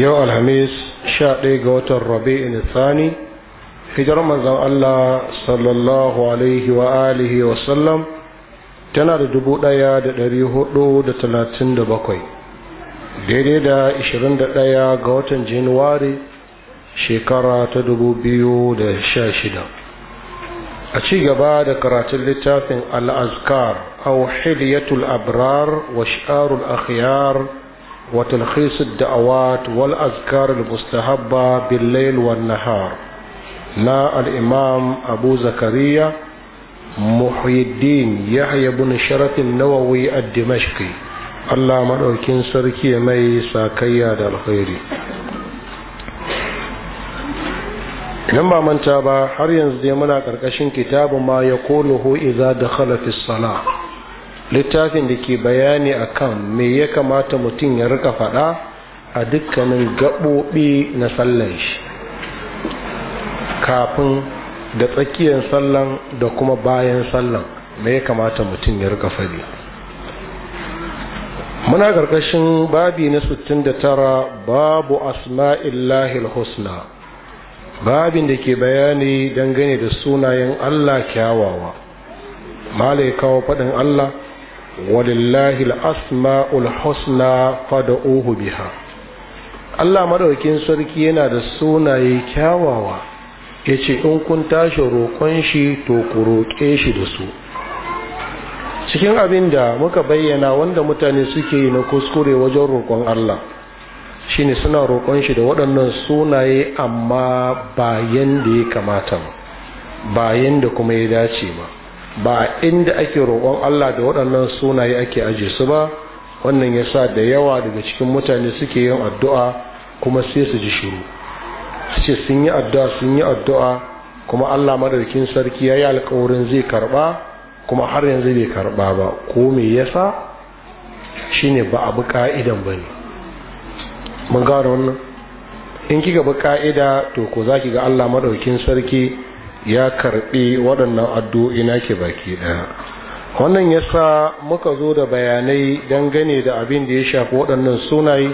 yau alhamis sha ɗaya ga watan in tsani hijar manzon Allah sallallahu alaihi wa alihi wa sallam tana da dubu ɗaya da ɗari hudu da talatin da bakwai daidai da ishirin da ɗaya ga watan januwari shekara ta dubu biyu da sha shida a ci gaba da karatun littafin al'azkar au abrar wa shi'arul akhyar وتلخيص الدعوات والأذكار المستحبة بالليل والنهار لا الإمام أبو زكريا محي الدين يحيى بن شرف النووي الدمشقي الله مدوكين سركي مي ساكيا دا لما من تابع manta زيمنا كركشين كتاب ما يقوله إذا دخل في الصلاة littafin da ke bayani a kan me ya kamata mutum ya rika faɗa a dukkanin gaɓoɓi na sallan shi kafin da tsakiyar sallan da kuma bayan sallan me ya kamata mutum ya rika faɗi muna ƙarƙashin babi na 69 babu asma'illahil husna babin da ke bayani dangane da sunayen allah kyawawa malai kawo faɗin allah walillahi al'asma'ul husna فادعوه biha Allah maɗaukin sarki yana da sunaye kyawawa ya ce in kun tashi roƙon shi to ku roƙe shi da su cikin abin da muka bayyana wanda mutane suke yi na kuskure wajen roƙon Allah shine suna roƙon shi da waɗannan sunaye amma bayan da ya kamata ba bayan da kuma ya dace ba ba inda ake roƙon Allah da waɗannan sunaye ake aje su ba wannan ya sa da yawa daga cikin mutane suke yin addu'a kuma sai su ji shiru ce sun yi addu'a sun yi addu'a kuma Allah madarkin sarki ya yi alkawarin zai karɓa kuma har yanzu bai karɓa ba ko me yasa ne ba a bi ka'idan ba ne mun gano wannan in kika bi ka'ida to ko za ki ga Allah madaukin sarki ya karɓi waɗannan addu'o'i nake baki ɗaya wannan ya sa muka zo da bayanai dangane da abin da ya shafi waɗannan sunayi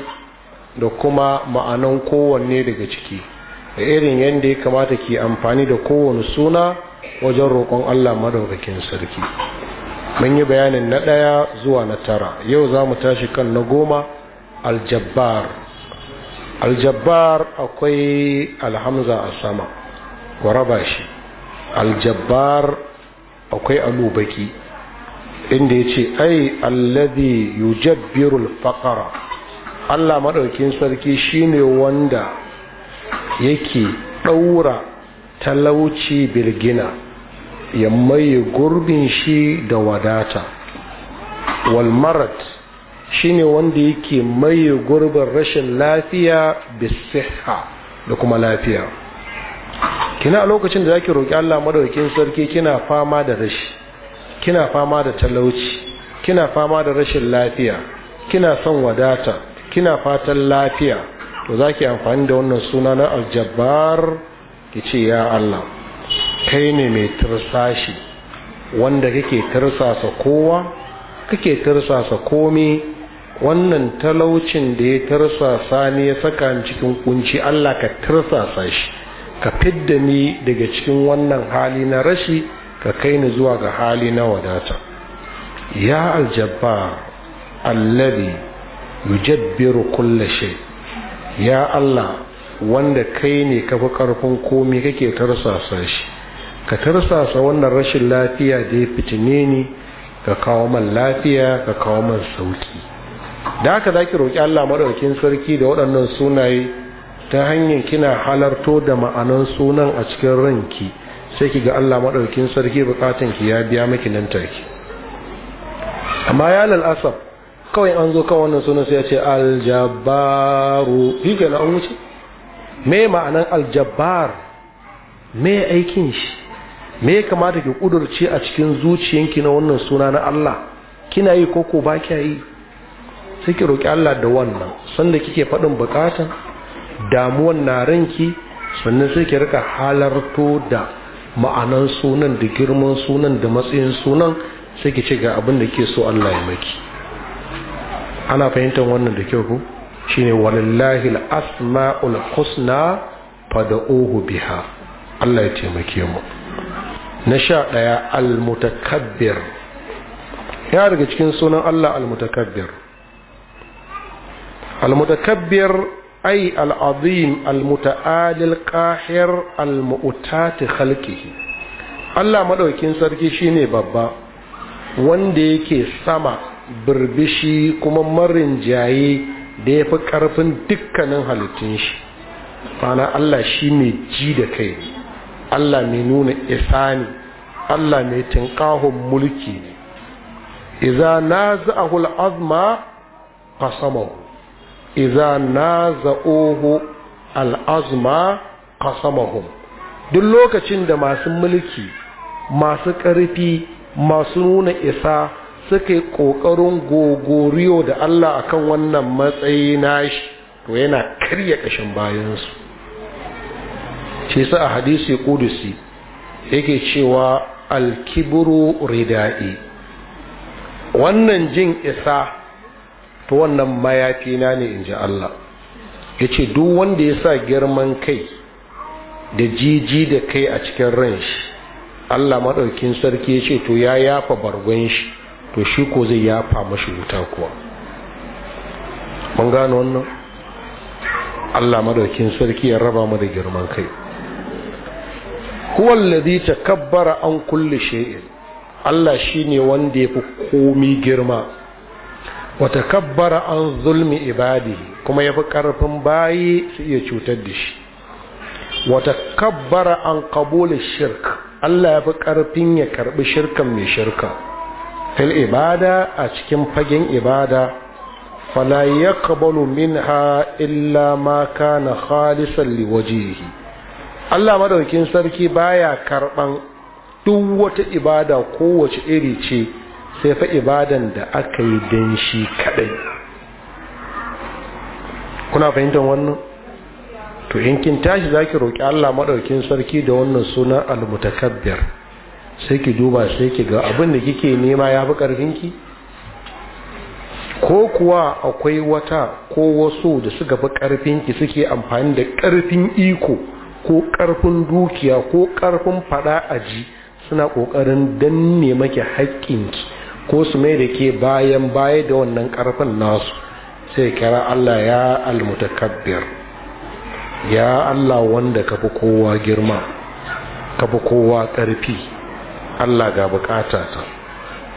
da kuma ma'anan kowanne daga ciki da irin yadda ya kamata ke amfani da kowane suna wajen roƙon Allah madaukakin sarki mun yi bayanin na ɗaya zuwa na tara yau za mu tashi kan na goma aljabbar aljabbar akwai alhamza a sama ku shi aljabbar akwai alubaki inda ya ce ai allazi yujabbiru alfaqara Allah maɗaukin sarki shine wanda yake ɗaura talauci bilgina ya maye gurbin shi da wadata walmarat shine wanda yake maye gurbin rashin lafiya bisiha da kuma lafiya kina a lokacin da zaki roki Allah madaukakin sarki kina fama da rashi kina fama da talauci kina fama da rashin lafiya kina son wadata kina fatan lafiya to zaki amfani da wannan suna na aljabbar kici ya Allah kai ne mai tursashi wanda kake tursasa kowa kake tursasa komai wannan talaucin da ya tursasa ne ya saka cikin kunci Allah ka tursasa shi ka fidda ni daga cikin wannan hali na rashi ka kai ni zuwa ga hali na wadata ya aljabba allabi yujabbiru kulla shay ya Allah wanda kai ne ka fi karfin komai kake tarsasa shi ka tarsasa wannan rashin lafiya da ya fitine ni ka kawo man lafiya ka kawo man sauki da haka zaki roƙi Allah maɗaukin sarki da waɗannan sunaye ta hanyar kina halarto da ma'anan sunan a cikin ranki sai ki ga Allah madaukin sarki bukatun ki ya biya miki nan take amma ya asab kawai an zo kan wannan sunan sai ya ce aljabaru kike na an wuce me ma'anan aljabar me aikin shi me ya kamata ki kudurce a cikin zuciyanki na wannan suna na Allah kina yi koko ba kya yi sai ki roki Allah da wannan sanda kike faɗin bukatan damuwan na ranki sannan sai ki rika halarto da ma'anan sunan da girman sunan da matsayin sunan sai ki ce ga abin da ke so Allah ya maki ana fahimtar wannan da kyau ku shine walillahi al-asma'ul husna fad'uhu biha Allah ya taimake mu na sha ɗaya al-mutakabbir ya daga cikin sunan Allah al-mutakabbir al-mutakabbir ai al'azim al-muta'alil qahir al-mu'tati Allah maɗaukin sarki shine babba wanda yake sama birbishi kuma marin jaye da ya fi ƙarfin dukkanin halittun shi fana Allah shi mai ji da kai Allah mai nuna isa ne Allah mai tunƙahun mulki ne iza na za'ahul azma fasamahu iza na za'uhu al'azma qasamahum duk lokacin da masu mulki masu ƙarfi masu nuna isa suka yi ƙoƙarin gogoriyo da Allah akan wannan matsayi nashi to yana karya ƙashin bayansu ce su a hadisi kudusi yake cewa alkiburu rida'i wannan jin isa to wannan mayafi na ne in ji Allah ya ce duk wanda ya sa girman kai da jiji da kai a cikin ran shi Allah maɗaukin sarki ya ce to ya yafa bargon shi to shi ko zai yafa mashi wuta kuwa mun gano wannan Allah maɗaukin sarki ya raba mu da girman kai huwa alladhi kabbara an kulle shi'in Allah shi ne wanda ya fi komi girma wata an zulmi ibadi kuma ya fi ƙarfin bayi su iya cutar da shi wata an kabula shirk Allah ya fi ƙarfin ya karɓi shirkan mai shirka fil ibada a cikin fagen ibada fala ya kabalu ha illa ma liwajihi Allah madaukin sarki baya karɓan duk wata ibada kowace iri ce sai fa ibadan da aka yi don shi kadai kuna fahimtar wannan to in kin tashi zaki roƙi Allah maɗaukin sarki da wannan sunan almutakabbiyar sai ki duba sai ki ga abin da kike nema ya fi ƙarfinki ko kuwa akwai wata ko wasu da suka fi ƙarfinki suke amfani da ƙarfin iko ko ƙarfin dukiya ko ƙarfin fada aji suna ƙoƙarin danne maki haƙƙinki ko su mai da ke bayan baya da wannan karfin nasu sai kira Allah ya almutakabbir ya Allah wanda ka fi kowa girma ka fi kowa ƙarfi Allah ga bukata ta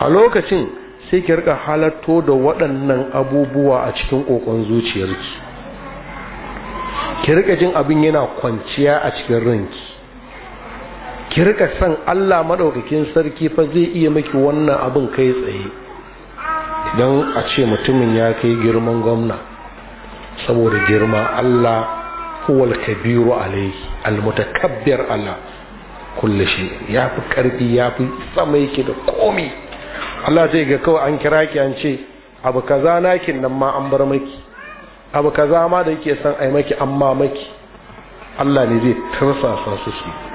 a lokacin sai ki rika halatto da waɗannan abubuwa a cikin kokon zuciyarki ki rika jin abin yana kwanciya a cikin ranki ki rika san Allah madaukakin sarki fa zai iya miki wannan abin kai tsaye idan a ce mutumin ya kai girman gwamna saboda girma Allah huwal kabiru alaihi almutakabbir ala kulli shi ya fi karfi ya fi sama yake da komi Allah zai ga kawai an kira ki an ce abu kaza nakin nan ma an bar maki abu kaza ma da yake san ai maki amma maki Allah ne zai tursasa su su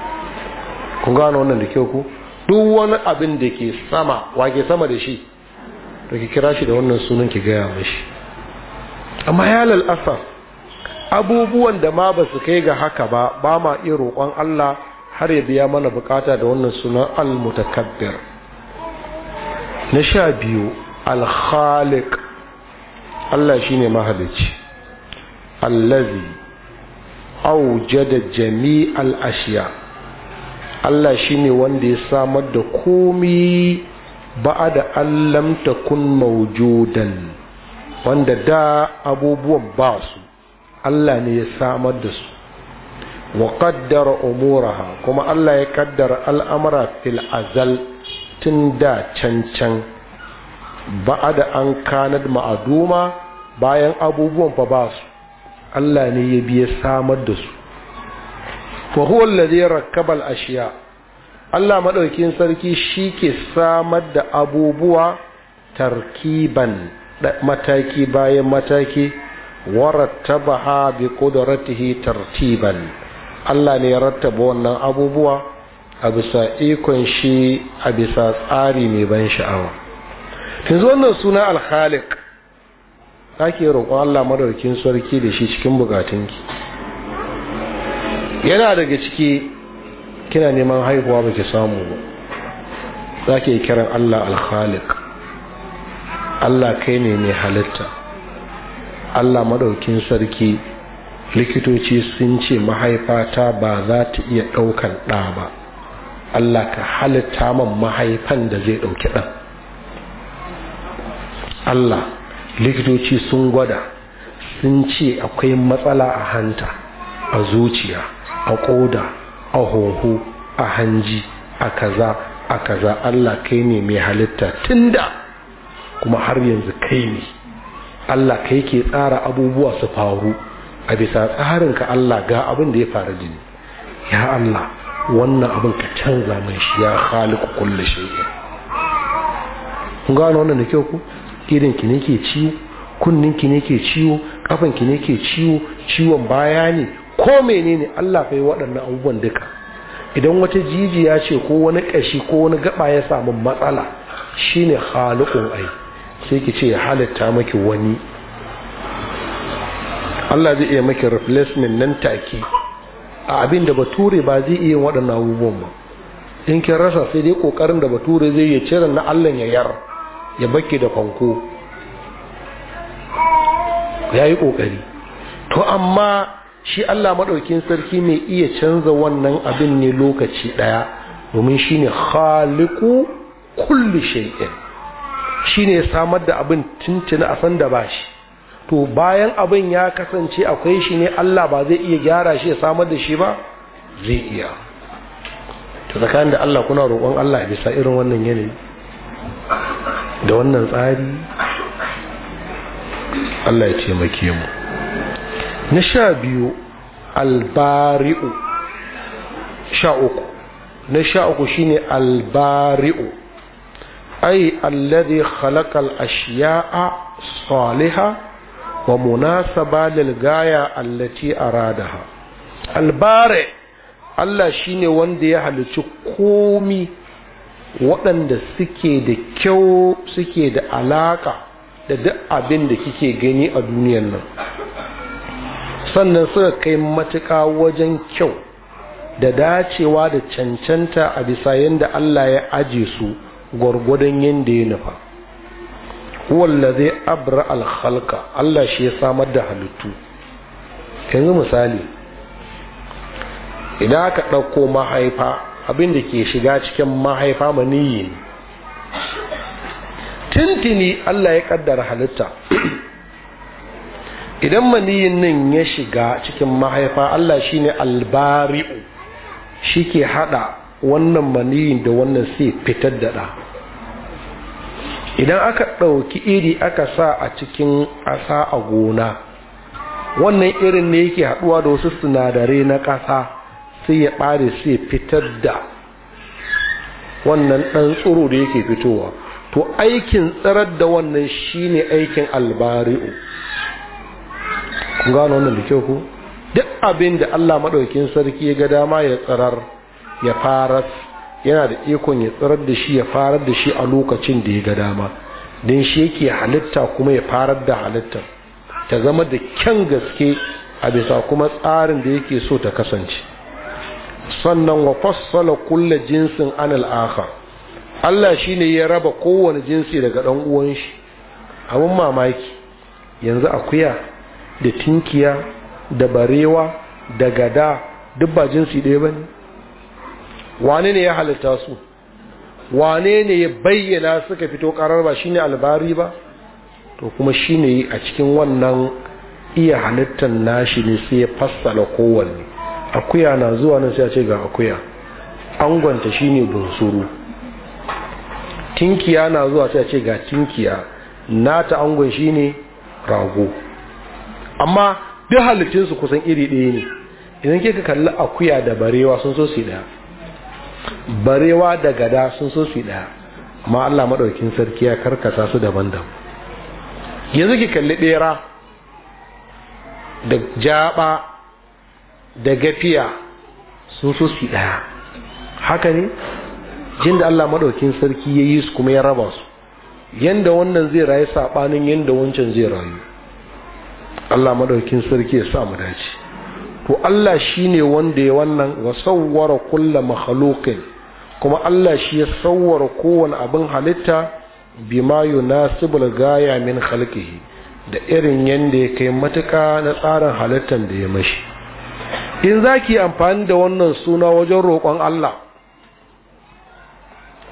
kun gano wannan da kyau ku duk wani abin da ke sama wake sama da shi to ki kira shi da wannan sunan ki gaya mashi amma ya lalasa abubuwan da ma ba su kai ga haka ba ba ma iya roƙon Allah har ya biya mana bukata da wannan sunan al-mutakabbir na sha biyu al-khaliq Allah shine mahalicci allazi aujada jami'al ashiya' Allah shi ne wanda ya samar da komi ba'a da lamta kun maujudan wanda da abubuwan ba su Allah ne ya samar da su wa qaddara umuraha kuma Allah ya kaddara al'amura fil azal tun da cancan can ba'a da an kanad ma'aduma bayan abubuwan ba ba su Allah ne ya biya samar da su fa huwa alladhi rakkaba al-ashiya Allah madaukin sarki shi ke samar da abubuwa tarkiban mataki bayan mataki warattabaha bi qudratihi tartiban Allah ne ya rattaba wannan abubuwa a bisa ikon shi a bisa tsari mai ban sha'awa yanzu wannan suna alkhalik ake roƙon Allah madaukin sarki da shi cikin bukatunki yana daga ciki kina neman haihuwa ba ki samu ba za ki kiran Allah alkhalik Allah kai ne mai halitta Allah maɗaukin sarki likitoci sun ce mahaifata ba za ta iya ɗaukan ɗa ba Allah ka halitta man mahaifan da zai ɗauki ɗan Allah likitoci sun gwada sun ce akwai matsala a hanta a zuciya a ƙoda a hoho a hanji a kaza a kaza Allah kai ne mai halitta da kuma har yanzu kai ne Allah kai ke tsara abubuwa su faru a bisa tsarinka Allah ga abin da ya faru da ya Allah wannan abin ka canza mai shi ya khaliqu kulli shay'in kun gano wannan da kyau ku idan ki ne ke ciwo kunnin ki ne ke ciwo kafan ki ne ke ciwo ciwon baya ne ko menene Allah fa waɗannan abubuwan duka idan wata jijiya ce ko wani ƙashi ko wani gaba ya samu matsala shine khaliqun ai sai ki ce halitta maki wani Allah zai iya maki replacement nan take a abin da bature ba zai iya waɗannan abubuwan ba in kin rasa sai dai kokarin da bature zai ya cire na Allah ya yar ya baki da fanko yayi ƙoƙari to amma shi Allah maɗaukin sarki mai iya canza wannan abin ne lokaci ɗaya domin shi ne khaliku kulli shay'in shi ne samar da abin tuntuni a san ba shi to bayan abin ya kasance akwai shi ne Allah ba zai iya gyara shi ya samar da shi ba zai iya to tsakanin da Allah kuna roƙon Allah bisa irin wannan yanayi da wannan tsari Allah ya taimake mu na sha biyu albari'u sha uku na sha uku shine albari'u ai alladhi khalaqal ashiya'a saliha wa munasaba lil gaya allati aradaha Albare Allah shine wanda ya halicci komi waɗanda suke da kyau suke da alaka da duk abin da kike gani a duniyar nan sannan suka kai matuka wajen kyau da dacewa da cancanta a bisa yadda Allah ya aje su gwargwadon yadda ya nufa zai abra alhalka Allah shi ya samar da halittu yanzu misali idan aka ɗauko mahaifa abinda ke shiga cikin mahaifa maniyi ne tintini Allah ya ƙaddara halitta idan maniyin nan ya shiga cikin mahaifa Allah shi ne albari'u ke haɗa wannan maniyin da wannan sai fitar da ɗa idan aka ɗauki iri aka sa a cikin ƙasa a gona wannan irin ne yake haɗuwa da wasu sinadarai na ƙasa sai ya ɓare sai fitar da wannan ɗan tsoro da yake fitowa to aikin tsarar da wannan shine aikin albari'u kun gano wannan da kyau ku duk abin da Allah maɗaukin sarki ya ga dama ya tsarar ya farar yana da ikon ya tsarar da shi ya farar da shi a lokacin da ya ga dama don shi yake halitta kuma ya farar da halitta ta zama da kyan gaske a bisa kuma tsarin da yake so ta kasance sannan wa fassala kulla jinsin anil akhar Allah shine ya raba kowane jinsi daga ɗan uwan shi abun mamaki yanzu akuya da tinkiya da barewa da gada duk ba jinsi ɗaya ba ne wane ne ya halitta su wane ne ya bayyana suka fito karar ba shine albari ba to kuma shine a cikin wannan iya halittar nashi ne sai ya fassala kowanne akuya na zuwa nan sai a ce ga akuya angonta shine bunsuru tinkiya na zuwa sai a ce ga tinkiya nata angon shine rago amma duk su kusan iri ɗaya ne idan kika kalli akuya da barewa sun so su ɗaya barewa da gada sun so su ɗaya amma Allah maɗaukin sarki ya karkasa su daban-daban yanzu ki kalli ɗera da jaba da gafiya sun so su ɗaya haka ne jin da Allah maɗaukin sarki ya yi su kuma ya raba su yanda wannan zai rayu saɓanin yanda wancan zai rayu Allah madaukin sarki ya sa mu dace to Allah shine wanda ya wannan wa sawwara kulla makhluqin kuma Allah shi ya sawwara kowane abin halitta bima yunasibu gaya min khalqihi da irin yanda ya kai matuka na tsarin halittan da ya mashi in zaki amfani da wannan suna wajen roƙon Allah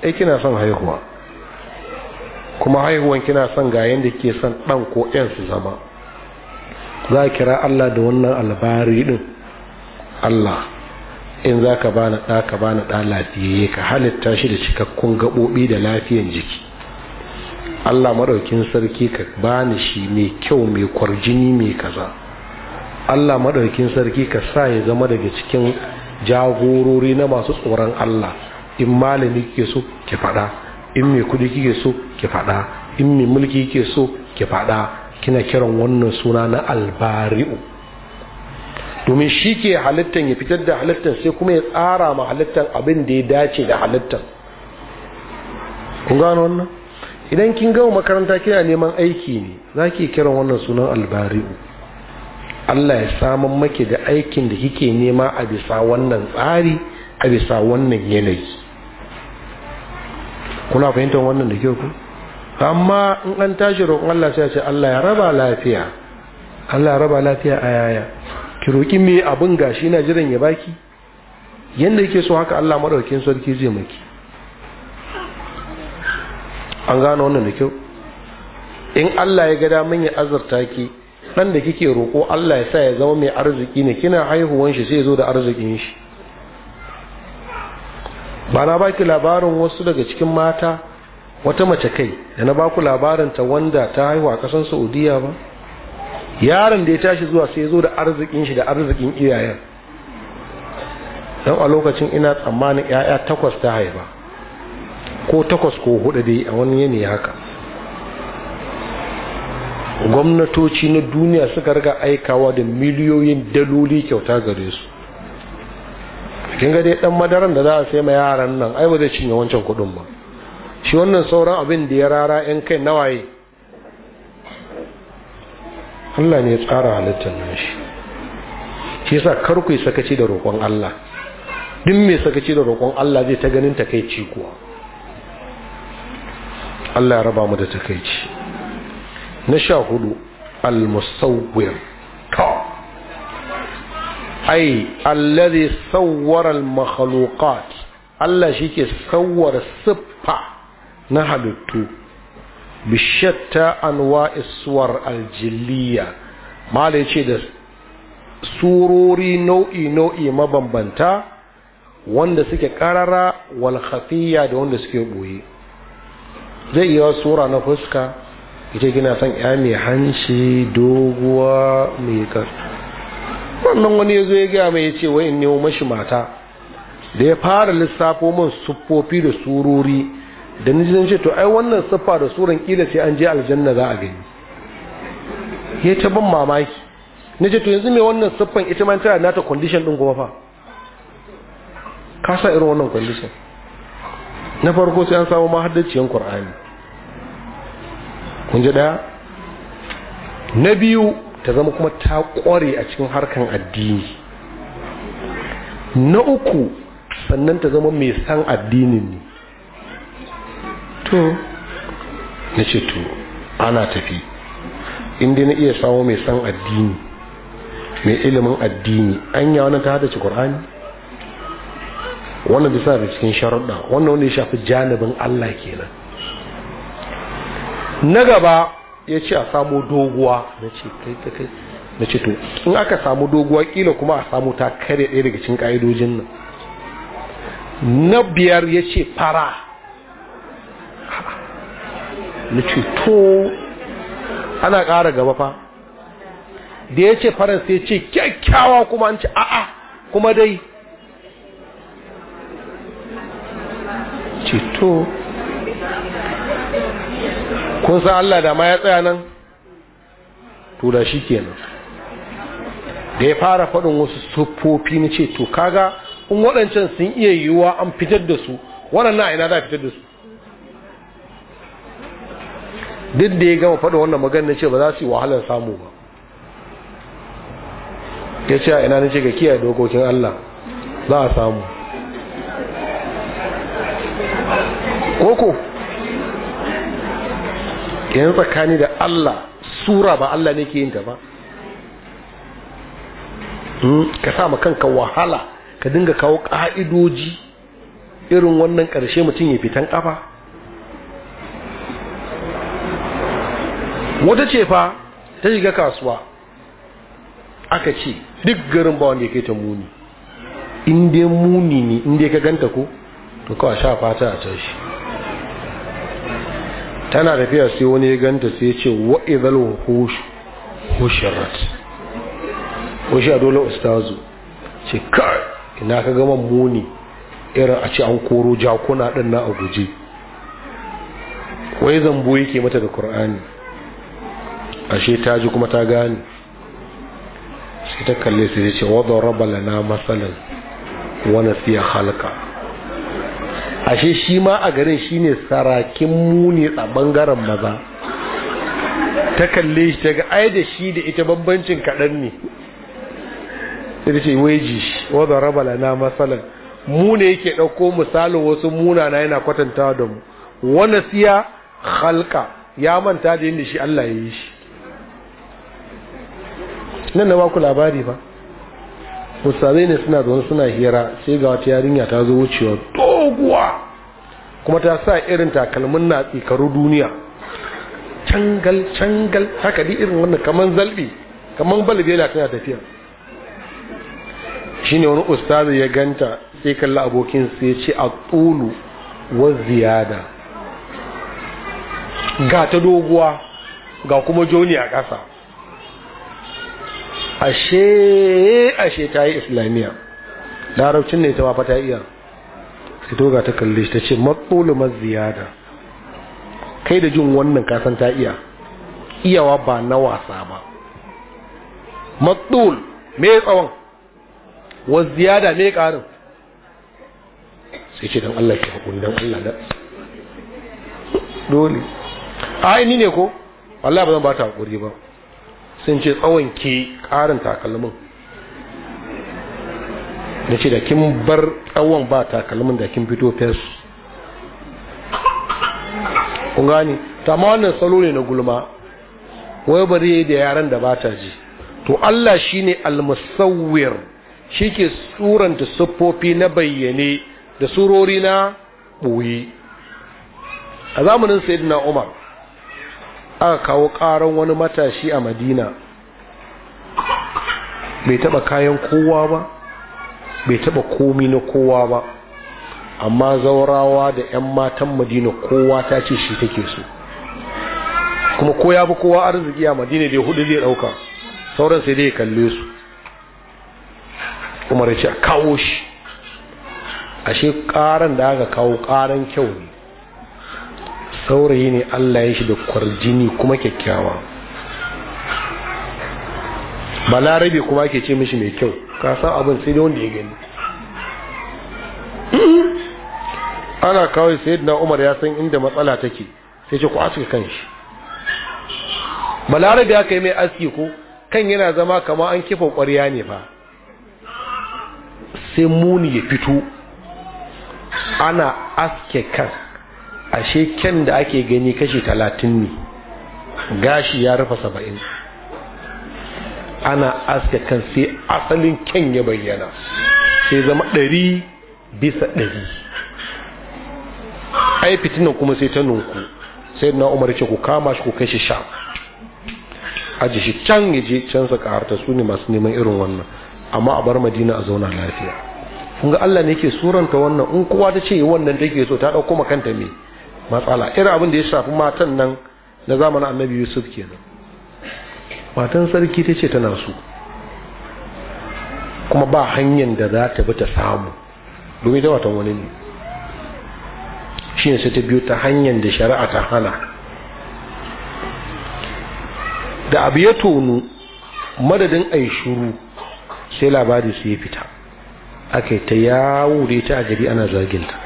ai kina son haihuwa kuma haihuwan kina son ga yanda kike son dan ko ƴan su zama za a kira Allah da wannan albari din Allah in za ka bani ɗa ka bani ɗa lafiyayye ka halitta shi da cikakkun gaɓoɓi da lafiyan jiki Allah maɗaukin sarki ka bani shi mai kyau mai kwarjini mai kaza Allah maɗaukin sarki ka sa ya zama daga cikin jagorori na masu tsoron Allah in malami ke so ki faɗa in mai kuɗi kike so ki faɗa in mai mulki ke so ki faɗa kina kiran wannan suna na albari'u domin shi ke halittan ya fitar da halittan sai kuma ya tsara ma halittan abin da ya dace da halittan kun gano wannan idan kin gama makaranta kina neman aiki ne za ki kiran wannan sunan albari'u Allah ya samun maki da aikin da kike nema a bisa wannan tsari a bisa wannan yanayi kuna fahimtar wannan da kyau ku amma in an tashi roƙon Allah sai ce Allah ya raba lafiya Allah ya raba lafiya a yaya ki roƙi me abin gashi na jiran ya baki yanda yake so haka Allah madaukakin sarki zai maki an gano wannan da kyau in Allah ya ga damin ya azurta ki dan da kike roƙo Allah ya sa ya zama mai arziki ne kina haihuwan shi sai ya zo da arzikin shi ba na baki labarin wasu daga cikin mata wata mace kai da na baku labarinta wanda ta haihu a kasan saudiya ba yaron da ya tashi zuwa sai ya zo da arzikin shi da arzikin iyayen don a lokacin ina tsammanin 'ya'ya takwas ta haifa ko takwas ko hudu dai a wani yanayi haka gwamnatoci na duniya suka riga aikawa da miliyoyin daloli kyauta gare su kin ga dai dan madaran da za a sai ma yaran nan ai ba zai cinye wancan kudin ba shi wannan sauran abin da ya rara yan kai nawaye Allah ne ya tsara halittar nan shi shi yasa kar ku yi sakaci da roƙon Allah duk mai sakaci da roƙon Allah zai ta ganin takaici kuwa Allah ya raba mu da takaici na sha hudu al-musawwir ai allazi sawwara almakhluqat Allah Allah ke sawwara siffa na halittu bishatta anwa iswar aljiliya mala ya ce da surori nau'i nau'i mabambanta wanda suke karara wal khafiya da wanda suke boye zai iya sura na fuska ita gina son ya mai hanci doguwa mai kar wannan wani ya zo ya gaya mai ya ce wa'in nemo mashi mata da ya fara lissafo min siffofi da surori da ni zan ce to ai wannan siffa da suran kila sai an je aljanna za a gani ya ta ban mamaki na ce to yanzu mai wannan siffan ita ma tana nata condition din kuma fa ka sa irin wannan condition na farko sai an samu mahaddaciyan qur'ani kun ji daya na biyu ta zama kuma ta kware a cikin harkan addini na uku sannan ta zama mai san addinin ne to na ce to ana tafi inda na iya samu mai san addini mai ilimin addini an yi wani ta hadace ƙorani wannan bisa da cikin sharuɗa wannan wani ya shafi janibin allah kenan na gaba ya ce a samu doguwa na ce kai ta kai na ce to in aka samu doguwa kila kuma a samu ta kare ɗaya daga cikin ƙa'idojin nan na biyar ya ce fara na ce to ana ƙara gaba fa da ya ce faransa ya ce kyakkyawa kuma an ce a'a kuma dai ce to kun san Allah da ma ya tsaya nan to da shi kenan da ya fara faɗin wasu sufofi na ce to kaga in waɗancan sun iya yiwuwa an fitar da su waɗannan ina za a fitar da su duk da ya gama faɗa wannan na ce ba za su yi wahalar samu ba ya ce a ina na ce ga kiyaye dokokin Allah za a samu koko yan tsakani da Allah sura ba Allah ne ke yin ta ba hmm? ka sa ka wahala ka dinga kawo ƙa'idoji irin wannan ƙarshe mutum ya fitan kafa? wata ce fa ta shiga kasuwa aka ce duk garin ba wanda ya kai ta muni inda muni ne inda ka ganta ko to kawai sha fata a tashi tana tafiya sai wani ya ganta sai ya ce wa idhal hush hushirat hushi a dole ustazu ce kai ina ka gama muni irin a ce an koro jakuna din na a guje wai zambo yake mata da qur'ani ashe ta ji kuma ta gane sai ta kalle su ya ce wadda raba lana matsalin wani siya halka ashe shi ma a garin shi ne sarakin muni a bangaren maza ta kalle shi ta ga ai da shi da ita bambancin kaɗan ne sai ta ce weji shi wadda raba lana matsalin mu ne yake ɗauko misalin wasu munana yana kwatanta da mu wani siya halka ya manta da yin da shi Allah ya yi shi nan na baku labari ba musamman ne suna zaune suna hira sai ga wata yarinya ta zo wucewa doguwa kuma ta sa irin takalmin na tsikaru duniya cangal cangal haka di irin wannan kamar zalbi kaman balbela tana tafiya shine wani ustazi ya ganta sai kalla abokin sai ya ce a tsulu wa ziyada ga ta doguwa ga kuma joni a ƙasa ashe ashe ta yi islamiyya larabcin ne ta wafa ta iya sai toga ta kalli shi ta ce matsulumar ziyada kai da jin wannan kasan ta iya iyawa ba na wasa ba matsol me tsawon wa ziyada me karin sai ce don Allah ke haƙun don Allah da dole a ni ne ko Allah ba zan ba ta haƙuri ba sun ce tsawon ke karin takalmin da ce da kin bar tsawon ba takalmin da kin fito fes kun gani ta wannan salo ne na gulma wai bari da yaran da ba ta ji to Allah shi ne shine shi shike suranta siffofi na bayyane da surori na ɓoye a zamanin na Umar aka kawo ƙaran wani matashi a madina bai taba kayan kowa ba bai taɓa komi na kowa ba amma zaurawa da 'yan matan madina kowa ta ce shi take so kuma ko ya fi kowa arziki a madina da hudu zai ɗauka sauran sai dai kalle su umar ce a kawo shi ashe ƙaran da aka kawo ƙaran kyau ne saurayi ne Allah ya shi da kwarjini kuma kyakkyawa balarabe kuma ke ce mishi mai kyau ka san abin sai da wanda ya gani ana kawai sai na umar ya san inda matsala take sai ce ku aske kan shi balarabe aka yi mai aski ko kan yana zama kama an kifa ƙwarya ne ba. sai muni ya fito ana aske kan ashe kyan da ake gani kashi talatin ne gashi ya rufa saba'in ana aske kan sai asalin kyan ya bayyana sai zama ɗari bisa ɗari ai fitinan kuma sai ta nunku sai na umar ce ku kama shi ku kai shi sha aji shi can ya je can saka harta su ne masu neman irin wannan amma a bar madina a zauna lafiya kun ga Allah ne yake suranta wannan in kowa ta ce wannan take so ta dauko makanta me matsala irin abin da ya shafi matan nan na zamanin annabi yusuf kenan matan sarki ta ce tana su kuma ba hanyar da za ta bi ta samu domin ta watan wani ne shi ne sai ta biyu ta hanyar da shari'a ta hana da abu ya tonu madadin ai shuru sai labari su ya fita aka yi ta yawo da ita a gari ana zaginta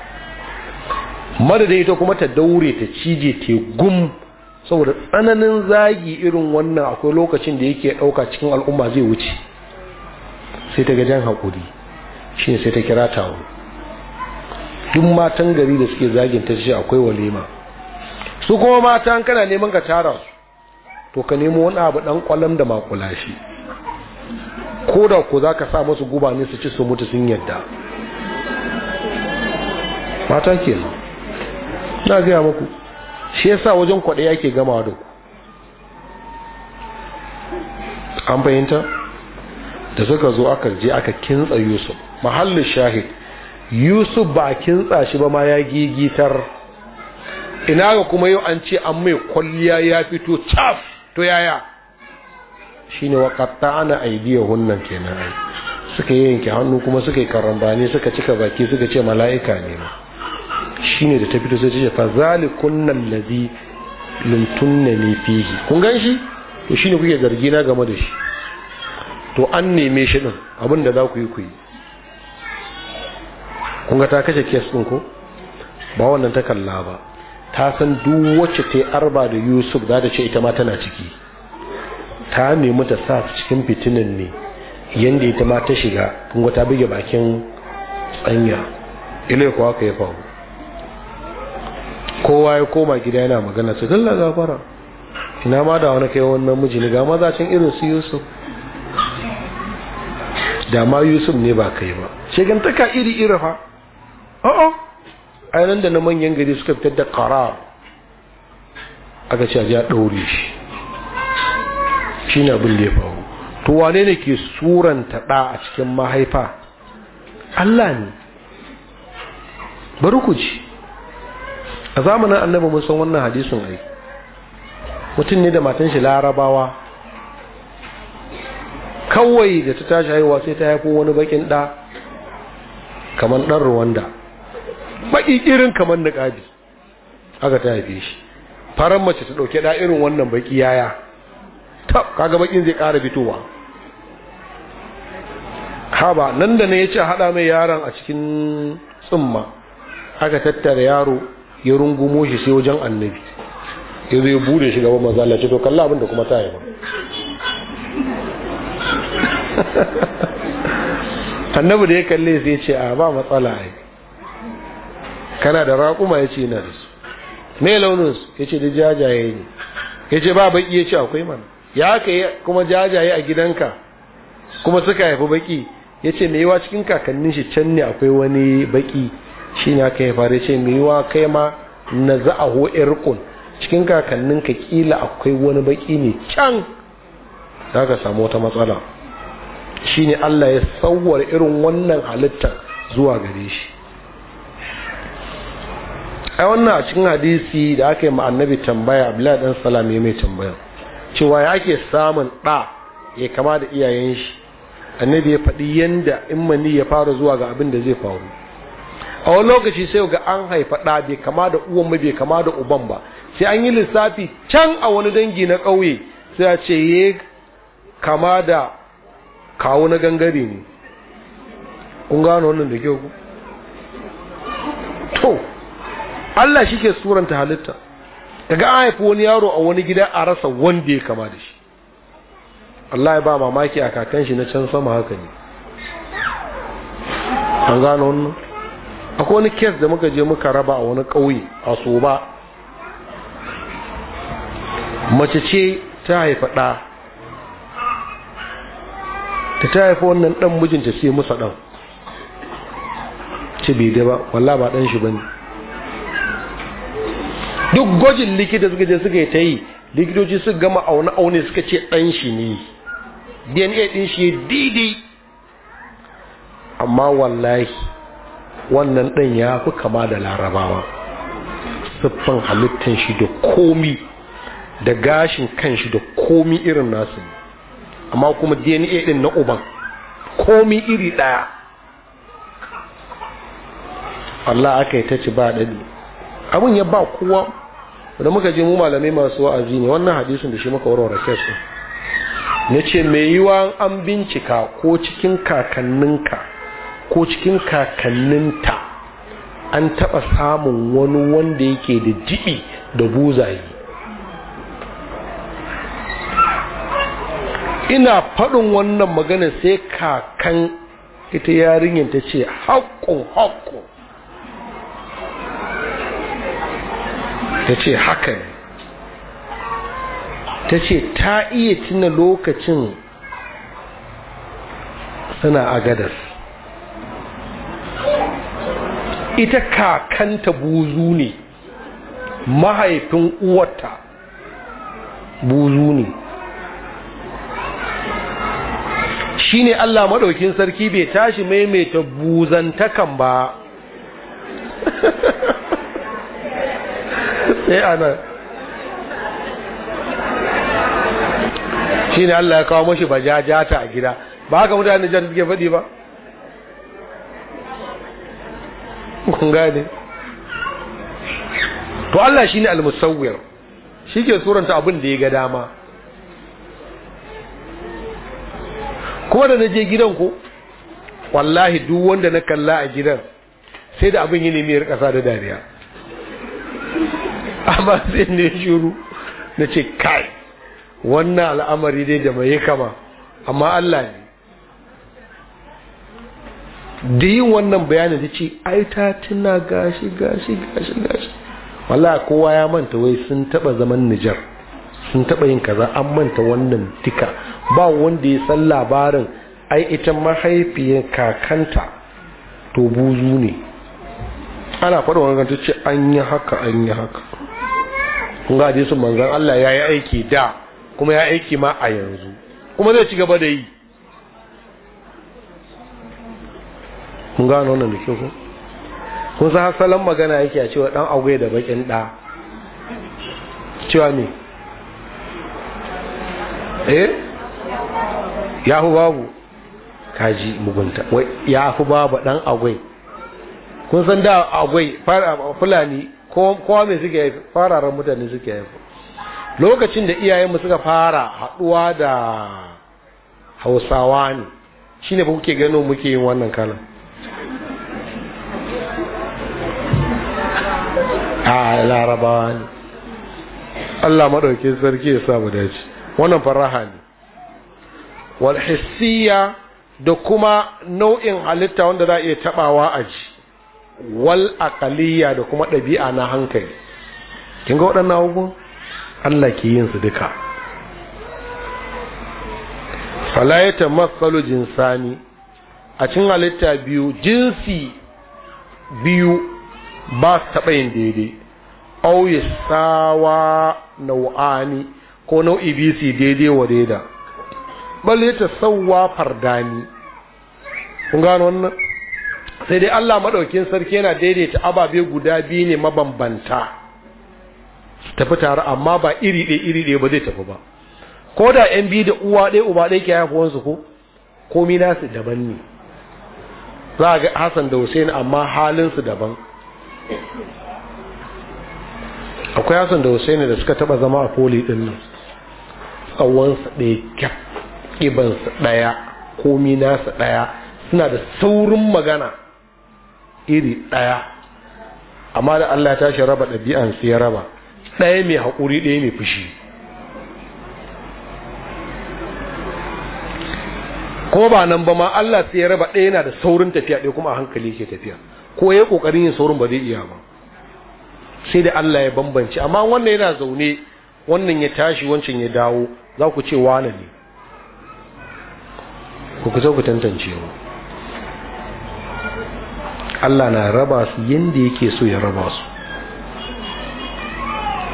Madadai ita kuma ta daure ta cije ta gum saboda tsananin zagi irin wannan akwai lokacin da yake ɗauka cikin al'umma zai wuce sai ta gajen haƙuri shi sai ta kira tawo duk matan gari da suke zagin ta shi akwai walima su kuma mata kana neman ka tara su to ka nemo wani abu dan kwalam da shi ko da ko za ka sa masu guba ne su ci su mutu sun yadda mata kenan na gaya maku shi yasa wajen kwaɗe yake gama da ku an fahimta da suka zo aka je aka kintsa yusuf mahallin shahid yusuf ba kintsa shi ba ma ya gigitar ina ga kuma yau an ce an mai kwalliya ya fito caf to yaya shine wakatta ana aidiya hunnan kenan ai suka yi yanke hannu kuma suka yi karambani suka cika baki suka ce mala'ika ne ma shine da ta fito sai ce fa zalikun allazi ni fihi kun gan shi to shine kuke zargi na game da shi to an neme shi din abin da za ku yi ku yi kun ga ta kashe kes din ko ba wannan ta kalla ba ta san duk wacce ta yi arba da yusuf za ta ce ita ma tana ciki ta nemi ta sa cikin fitinin ne yadda ita ma ta shiga kun ta buge bakin tsanya ilai kuwa ka yi faru kowa ya koma gida yana magana su dalla gafara ina ma da wani kai wannan miji ne ga maza can irin su yusuf da ma yusuf ne ba kai ba shegantaka iri iri fa a'a ainihin da na manyan gari suka fitar da kara aka ce a ɗaure shi shi ne abin da ya faru to wane ne ke suranta ɗa a cikin mahaifa Allah ne bari ku ji a zamanin annabi mun san wannan hadisun ai mutum ne da matan shi larabawa kawai da ta tashi haihuwa sai ta haifo wani bakin ɗa kamar ɗan ruwanda baki irin kamar niƙabi aka ta haife shi faran mace ta ɗauke ɗa irin wannan baki yaya ta kaga bakin zai ƙara fitowa haba nan da na ya ce haɗa mai yaron a cikin tsumma aka tattara yaro ya rungumo shi sai wajen annabi ya zai bude shi gaban manzo Allah ce to kalla abin da kuma ta yi ba annabi da ya kalle sai ya ce a ba matsala ai kana da raƙuma ya ce yana da su me launin su ya ce da jajaye ne ya ce ba baki ya ce akwai mana ya ka yi kuma jajaye a gidanka kuma suka haifi baki ya ce mai yawa cikin kakannin shi can ne akwai wani baki shi ne aka yi fara ce mai kai ma na za'aho irkun cikin kakannin ka kila akwai wani baƙi ne can za ka samu wata matsala shi ne Allah ya sauwar irin wannan halitta zuwa gare shi A wannan a cikin hadisi da aka yi ma tambaya abdullahi dan salam ya mai tambaya cewa ya ke samun ɗa ya kama da iyayen shi annabi ya faɗi yanda in mani ya fara zuwa ga abin da zai faru a wani lokaci sai ga an haifa ɗa bai kama da uwan bai kama da uban ba sai an yi lissafi can a wani dangi na ƙauye sai a ce ya kama da kawo na gangare ne kun gano wannan da kyau to Allah shi ke suranta halitta kaga an haifi wani yaro a wani gida a rasa wanda ya kama da shi Allah ya ba mamaki a kakan shi na can sama haka ne an gano wannan akwai wani kes da muka je muka raba a wani ƙauye a so ba mace ce ta haifa ɗa ta ta haifa wannan ɗan mijinta sai musa ɗan ce bai da ba walla ba ɗan shi ba ne duk gwajin likita suka je suka yi ta yi likitoci suka gama wani aune suka ce ɗan shi ne dna ɗin shi daidai amma wallahi wannan ɗan ya fi kama da larabawa siffan halittan shi da komi da gashin kan shi da komi irin nasu amma kuma dna ɗin na uban komi iri ɗaya Allah aka yi ta ci ba ɗaɗi abin ya ba kowa da muka je mu malamai masu wa'azi ne wannan hadisun da shi muka warware kes na ce mai yiwuwa an bincika ko cikin kakanninka ko cikin kakanninta an taɓa samun wani wanda yake da jibi da buzayi ina faɗin wannan magana sai kakan ita yarinyar ta ce haƙƙun haƙƙun ta ce haka ta ce ta iya tuna lokacin suna agadar ita kakanta buzu ne mahaifin uwarta buzu ne shi ne Allah maɗaukin sarki bai tashi maimaita buzantakan ba sai ana shi ne Allah ya kawo mashi bajajata a gida ba haka mutane jan suke faɗi ba kun gane to Allah shine al-musawwir shike suranta abin da ya ga dama kuma da naje gidan ku wallahi duk wanda na kalla a gidan sai da abin yini miyar kasa da dariya amma sai ne shiru na ce kai wannan al'amari dai da mai kama amma Allah ne da yin wannan bayanin da ce ai ta tuna gashi gashi gashi gashi wala kowa ya manta wai sun taba zaman Nijar sun taba yin kaza an manta wannan tika ba wanda ya san labarin ai ita mahaifiyar kakanta to buzu ne ana faɗa wani ganta ce an yi haka an yi haka kun ga sun manzon Allah ya yi aiki da kuma ya aiki ma a yanzu kuma zai ci gaba da yi kun gano wannan da kyau kun san salon magana yake a cewa dan agwai da bakin da cewa me eh yahu babu kaji mugunta wai yahu babu dan agwai kun san da agwai fulani kowa mai suke haifi fararen mutane suke yi lokacin da iyayenmu suka fara haduwa da hausawa ne shine ba kuke gano muke yin wannan kalan a larabawa ne Allah maɗauki sarki ya samu dace wannan faraha ne wal da kuma nau'in halitta wanda za a iya tabawa a ji wal aqaliya da kuma ɗabi'a na hankali kin ga waɗannan abubuwan Allah ke yin su duka fala Sani. jinsani a cin halitta biyu jinsi biyu ba su taɓa yin daidai au sawa nau'ani ko nau'i biyu su daidai wa daida balle ta sauwa fardani kun gano wannan sai dai Allah maɗaukin sarki yana daidaita ababe guda biyu ne mabambanta tafi tare amma ba iri ɗaya iri ɗaya ba zai tafi ba ko da yan biyu da uwa ɗaya uba ɗaya ke haifuwansu ko komi nasu daban ne za a ga Hassan da Hussein amma halinsu daban akwai Hassan da Hussein da suka taba zama a poli din nan tsawonsu ɗaya kyaf ƙibansu ɗaya komi nasu ɗaya suna da saurin magana iri ɗaya amma da Allah ya tashi raba ɗabi'ansu ya raba ɗaya mai haƙuri ɗaya mai fushi ko ba nan ba ma Allah sai ya raba ɗaya yana da saurin tafiya ɗaya kuma a hankali yake tafiya ko ya kokarin yin saurin ba zai iya ba sai da Allah ya bambance amma wannan yana zaune wannan ya tashi wancan ya dawo za ku ce wane ne ku kusa ku tantance mu Allah na raba su yadda yake so ya raba su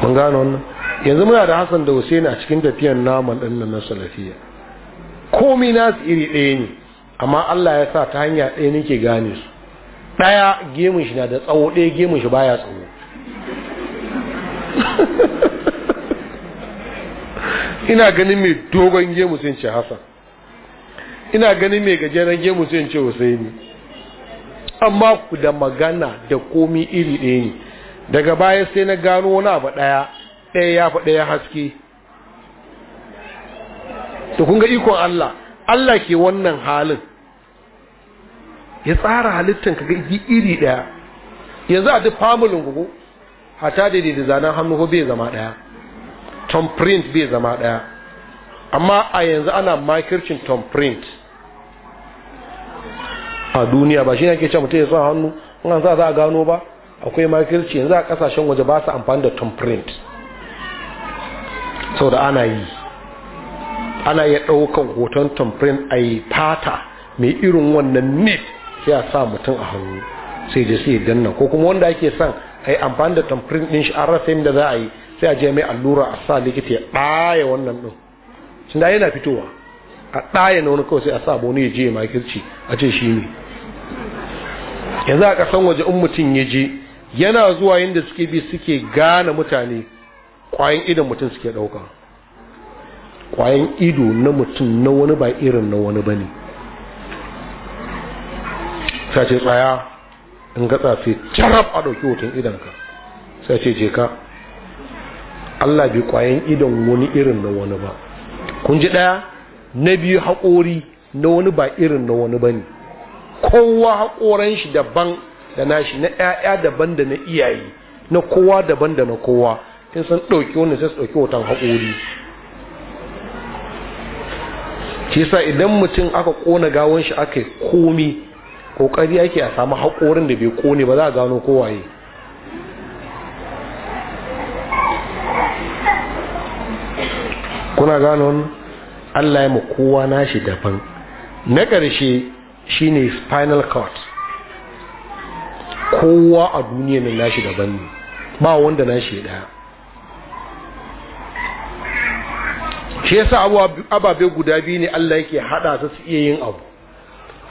mun gano wannan yanzu muna da Hassan da Hussein a cikin tafiyan naman ɗin na salafiya Komi nasu iri ɗaya ne amma Allah ya sa ta hanya ɗaya nake gane su ɗaya gemun shi na da tsawo ɗaya gemun shi baya tsawo ina ganin mai dogon gemu sun ce Hassan ina ganin mai gajeren gemu sun ce Husaini amma ku da magana da komi iri ɗaya ne daga baya sai na gano wani abu ɗaya ɗaya ya fi ɗaya haske to kun ga ikon Allah Allah ke wannan halin ya tsara halittan ka iri daya yanzu a duk famulin gugu hata da da zanen hannu ko bai zama daya tom print bai zama daya amma a yanzu ana makircin tom print a duniya ba shi ne ake ce mutum ya sa hannu ina za a gano ba akwai makirci yanzu a kasashen waje ba su amfani da tom print sau da ana yi ana iya ɗaukan hoton tamfirin a yi fata mai irin wannan nif sai a sa mutum a hannu sai da sai danna ko kuma wanda ake son a yi amfani da tamfirin ɗin shi an rasa da za a yi sai a je mai allura a sa likita ya ɗaya wannan ɗin shi da yana fitowa a ɗaya na wani kawai sai a sa wani ya je ya makirci a ce shi ne yanzu a kasan waje in mutum ya je yana zuwa yadda suke bi suke gane mutane kwayan idan mutum suke ɗauka kwayan ido na mutum na wani ba irin na wani ba ne sai ce tsaya in ga tsafe carab a ɗauki hoton idanka sai ce je ka Allah bai kwayan idon wani irin na wani ba kun ji ɗaya na biyu haƙori na wani ba irin na wani ba ne kowa haƙoran shi daban da nashi na 'ya'ya daban da na iyaye na kowa daban da na kowa in san ɗauki wani sai su ɗauki hoton haƙori shi sa idan mutum aka kona gawon shi aka komi kokari ake a samu haƙorin da bai kone ba za a gano kowaye kuna gano wani Allah ya mu kowa nashi daban na ƙarshe shine spinal cord kowa a duniyar nashi daban ne ba wanda nashi daya shi yasa ababe guda biyu ne Allah yake hada su su iya yin abu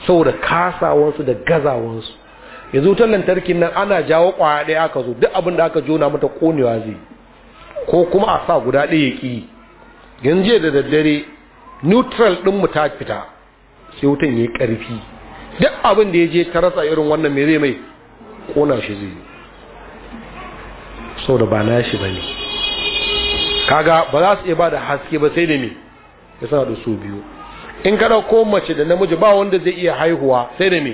saboda kasawansu da gazawansu yanzu ta lantarki nan ana jawo kwaya ɗaya aka zo duk abin da aka jona mata konewa zai ko kuma a sa guda ɗaya ki yanzu da daddare neutral ɗin mu ta fita sai wutan ya yi ƙarfi duk abin da ya je ta rasa irin wannan mai zai mai kona shi zai saboda da ba na shi ba ne kaga ba za su iya ba da haske ba sai da me ya sa da su biyu in ka ko mace da namiji ba wanda zai iya haihuwa sai da me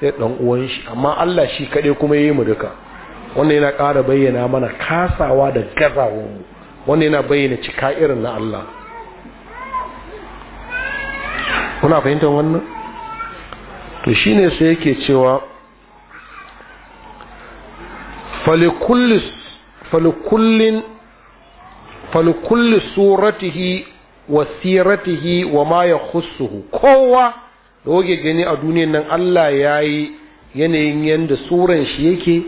sai ɗan uwan shi amma Allah shi kaɗai kuma yi mu duka wannan yana ƙara bayyana mana kasawa da gazawar mu wannan yana bayyana cika irin na Allah kuna fahimtar wannan to shine sai yake cewa falikullin falikulli suratihi wa siratihi wa ma ya kowa da wage gani a duniyan nan Allah ya yi yanayin yadda suran shi yake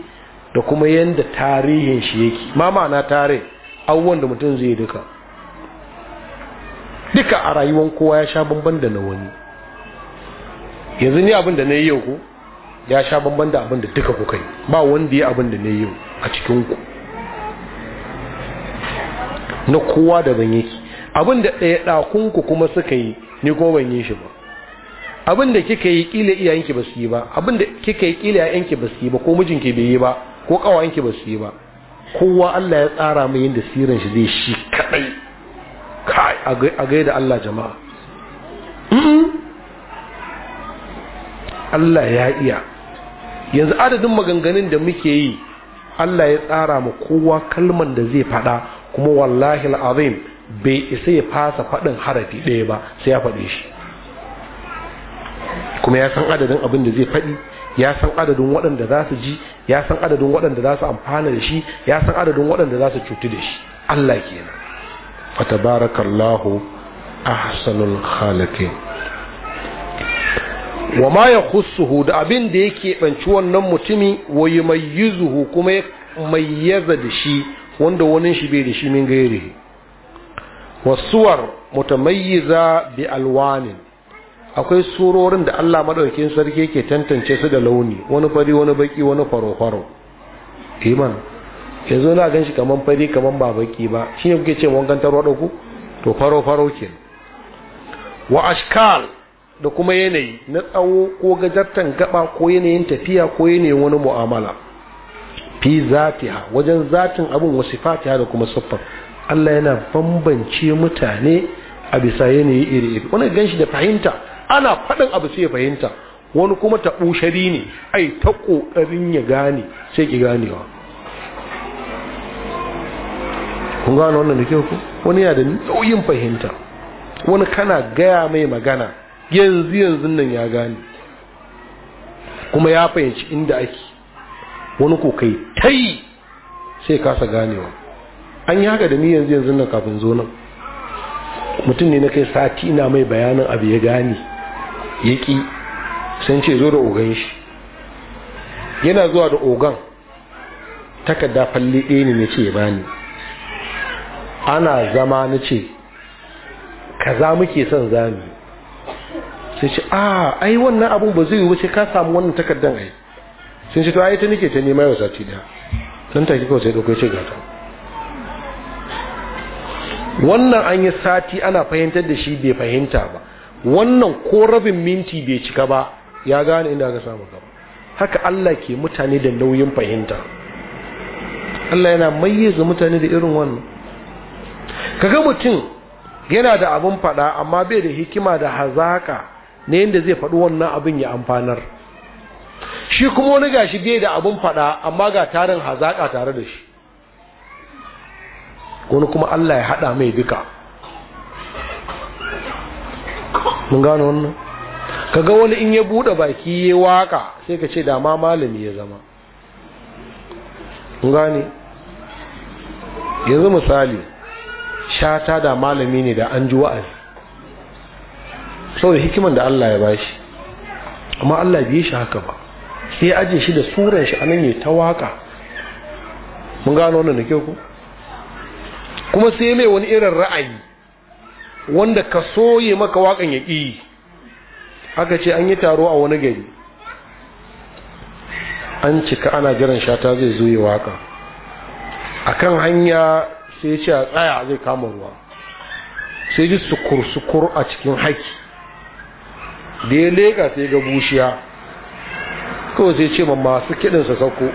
da kuma yadda tarihin shi yake ma ma'ana tare abubuwan da mutum zai duka duka a rayuwan kowa ya sha bamban da na wani yanzu ni abin da na yi yau ku ya sha bamban da abin da duka kuka kai ba wanda ya abin da na yi yau a cikinku na kowa da ban yake abin da ɗaya ɗakunku kuma suka yi ni ko ban yi shi ba abin da kika yi ƙila iyayenki ba su yi ba abin da kika yi ƙila iyayenki ba su yi ba ko mijinki bai yi ba ko ƙawayenki ba su yi ba kowa Allah ya tsara mai yin da siran shi zai shi kaɗai kai a gaida Allah jama'a Allah ya iya yanzu adadin maganganun da muke yi Allah ya tsara ma kowa kalman da zai faɗa kuma wallahi al'azim bai isa ya fasa faɗin harafi ɗaya ba sai ya faɗe shi kuma ya san adadin abin da zai faɗi ya san adadin waɗanda za su ji ya san adadin waɗanda za su amfana da shi ya san adadin waɗanda za su cutu da shi Allah kenan a ahsanul khaliqin wa ma yakhussuhu da abin da yake banci wannan mutumi wa yumayyizuhu kuma mai mayyaza da shi wanda wani shi bai da shi min gairi wasuwar mutamayyiza bi alwanin akwai surorin da Allah madaukakin sarki ke tantance su da launi wani fari wani baki wani faro-faro iman eh yanzu na gan shi kaman fari kaman ba baki ba shine kuke ce wankan tarwa ku to faro-faro ke wa ashkal da kuma yanayi na tsawo ko gajartan gaba ko yanayin tafiya ko yanayin wani mu'amala fi zatiha wajen zatin abin wasu fatiha da kuma siffar Allah yana bambance mutane a bisa yanayi iri-iri wani ganshi da fahimta ana faɗin abu sai fahimta wani kuma ta ɓushari ne ai ta ƙoƙarin ya gane sai ki ganewa kun gane wannan da ke ku wani yana da nauyin fahimta wani kana gaya mai magana yanzu yanzu nan ya gane kuma ya fahimci inda ake wani ko kai tai sai kasa ganewa an yi haka da ni yanzu yanzu nan kafin zo nan mutum ne na kai sati na mai bayanin abu ya gane ya ƙi sun ce zo da ogan shi yana zuwa da ogan takarda falle ɗaya ne ce ya bani ana zama na ce kaza muke son zami sai ce a ah, ai wannan abun ba zai yi wuce ka samu wannan takardar ai sun ce to ai ta nake ta nema yau sati daya nan take kawai sai dauko ce gata wannan an yi sati ana fahimtar da shi bai fahimta ba wannan ko rabin minti bai cika ba ya gane inda aka samu gaba haka Allah ke mutane da nauyin fahimta Allah yana mayyaza mutane da irin wannan kaga mutum yana da abin fada amma bai da hikima da hazaka ne yadda zai faɗi wannan abin ya amfanar shi kuma wani gashi bai da abun faɗa amma ga tarin hazaka tare da shi wani kuma Allah ya haɗa mai duka mun gano wannan kaga wani in ya buɗe baki ya waka sai ka ce da ma malami ya zama mun gane yanzu misali shata da malami ne da an ji wa'azi saboda hikiman da Allah ya bashi amma Allah biye shi haka ba sai aje shi da suran shi anan ya ta waka mun gano wannan da kyau ku kuma sai mai wani irin ra'ayi wanda ka soye maka wakan ya ƙi aka ce an yi taro a wani gari an cika ana jiran shata zai zo yi waka kan hanya sai ce a tsaya zai kama ruwa sai ji sukur-sukur a cikin haki da ya leka sai ga bushiya kawai sai ce ma masu kiɗin sauko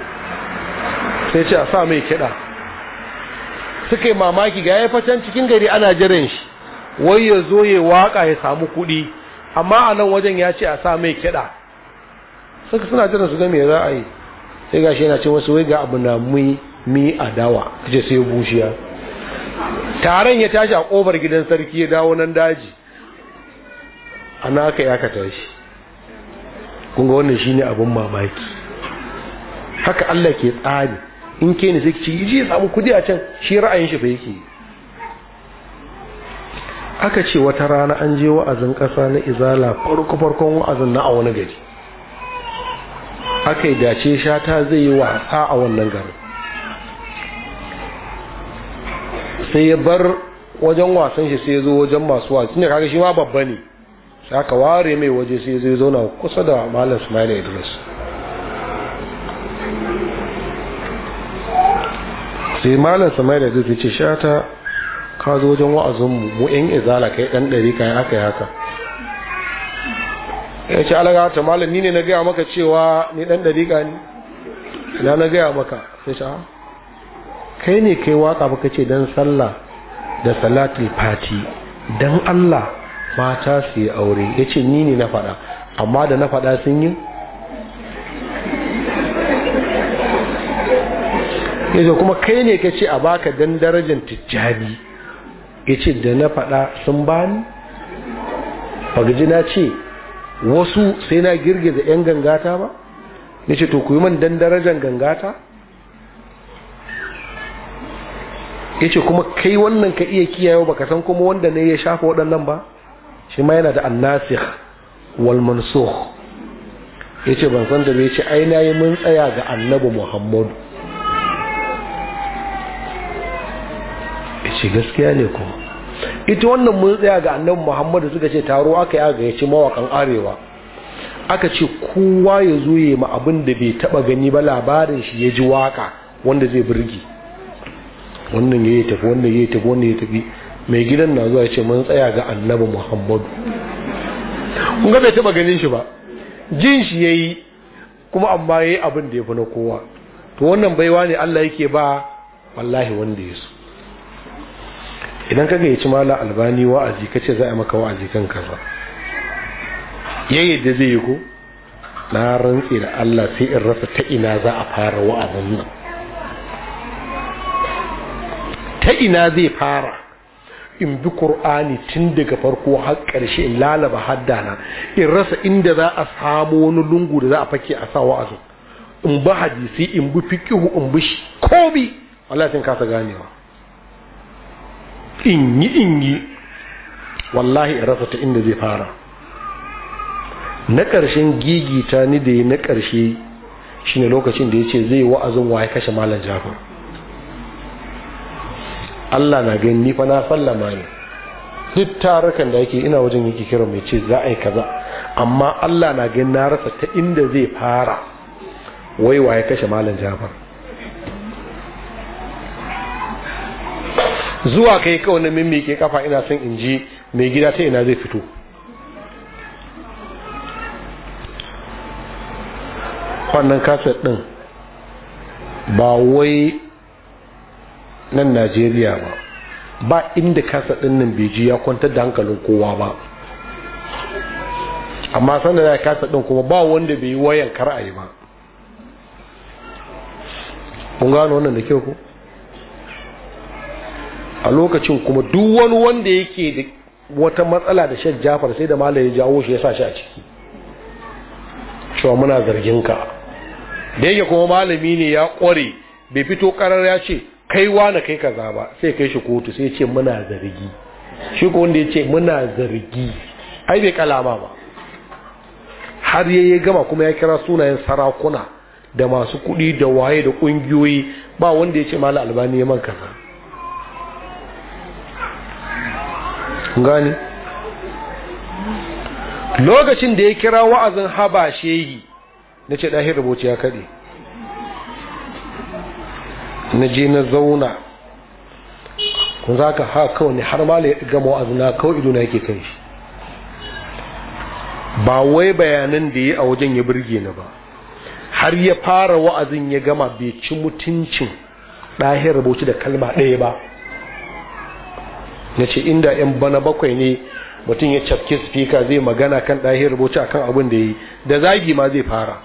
sai ce a sa mai kiɗa suka yi mamaki ga ya fashen cikin gari ana jiran shi wai ya zo ya waka ya samu kuɗi amma a nan wajen ya ce a sa mai kiɗa suka suna jiran su ga ya za yi sai ga shi yana ce wasu wai ga abu na mi mi adawa kace sai bushiya taron ya tashi a kofar gidan sarki ya dawo nan daji ana ya ka tashi Kunga wannan wannan shine abun mamaki haka Allah ke tsari in ke ne sai ci ji ya samu kudi a can shi ra'ayin shi fa yake aka ce wata rana an je wa'azin kasa na izala farko farkon wa'azin na a wani gari aka yi dace shata zai yi wasa a wannan garin sai ya bar wajen wasan shi sai ya zo wajen masu wasu ne kaga shi ma babba ne sai aka ware mai waje sai zai zauna kusa da malam Ismail Idris sai malam Ismail Idris ya ce shata ka zo wajen wa'azin mu in izala kai dan dari kai aka yi haka ya ce alaga ta malam ni ne na gaya maka cewa ni dan dari ka ni ina na gaya maka sai sha ah, kai ne kai waka baka ce dan sallah da salatul fati dan Allah mata su yi aure ya ce ni ne na faɗa amma da na faɗa sun yi ya ce kuma kai ne ka ce a baka don darajar tijjani ya ce da na faɗa sun bani fagaji na ce wasu sai na girgiza 'yan gangata ba ya ce to ku yi man don darajar gangata ya ce kuma kai wannan ka iya kiyayewa baka san kuma wanda ne ya shafa waɗannan ba shi ma yana da annasikh wal mansukh yace ban san da bai ce ai nayi mun tsaya ga annabi Muhammadu yace gaskiya ne ko ita wannan mun tsaya ga annabi Muhammadu suka ce taro aka yi ga yace mawakan arewa aka ce kowa ya zo ya ma abin da bai taba gani ba labarin shi ya ji waka wanda zai burge wannan ya yi tafi wannan ya yi tafi wannan ya tafi mai gidan na zuwa ce mun tsaya ga annabi muhammadu kun ga bai taba ganin shi ba jin shi yi kuma amma yi abin da ya fi na kowa to wannan baiwa ne Allah yake ba wallahi wanda ya so idan kaga ya ci mala albani wa'azi kace za a maka wa'azi kan kaza yi da zai yi ko na rantsi da Allah sai in rasa ta ina za a fara wa'azin nan ta ina zai fara in bi qur'ani tun daga farko har ƙarshe in lalaba haddana in rasa inda za a samu wani lungu da za a fake a sa wa'azin in bi hadisi in bi fiƙihu in bi kobi wallahi sun kasa ganewa in yi in yi wallahi in rasa ta inda zai fara na ƙarshen gigita ni da na ƙarshe shine lokacin da ya ce zai wa'azin ya kashe malam jafar Allah na gani ni fa na sallama ne duk tarukan da yake ina wajen yake kira mai ce za a yi kaza amma Allah na gani na rasa ta inda zai fara wai waye kashe malam Jafar zuwa kai kawai na mimmike kafa ina son in ji mai gida ta ina zai fito wannan kaset din ba wai nan najeriya ba ba inda kasa ɗin nan beji ya kwantar da hankalin kowa ba amma sanda ya kasa ɗin kuma ba wanda bai yi wayan kar a yi ba mun gano wannan da kyau ko a lokacin kuma duk wani wanda yake da wata matsala da shan jafar sai da malaye jawo shi ya sa shi a ciki cewa muna zargin ka da yake kuma malami ne ya kware bai fito karar ya ce kai na kai kaza ba sai kai shi kotu sai ce muna zargi shi ko wanda ya ce muna zargi ai bai kalama ba har ya gama kuma ya kira sunayen sarakuna da masu kuɗi da waye da ƙungiyoyi ba wanda ya ce mala albani ya man kaza gani lokacin da ya kira wa'azin haba shehi na ce ɗahir rubuci ya kaɗe na je na zauna kun za ka haka kawai har ma ya gama wa'azina kawai idona yake kan shi ba wai bayanan da ya a wajen ya birge ni ba har ya fara wa'azin ya gama bai ci mutuncin ɗahin rubuci da kalma ɗaya ba na ce inda 'yan bana bakwai ne mutum ya cafke spika zai magana kan ɗahin rubuci akan abin da ya yi da zagi ma zai fara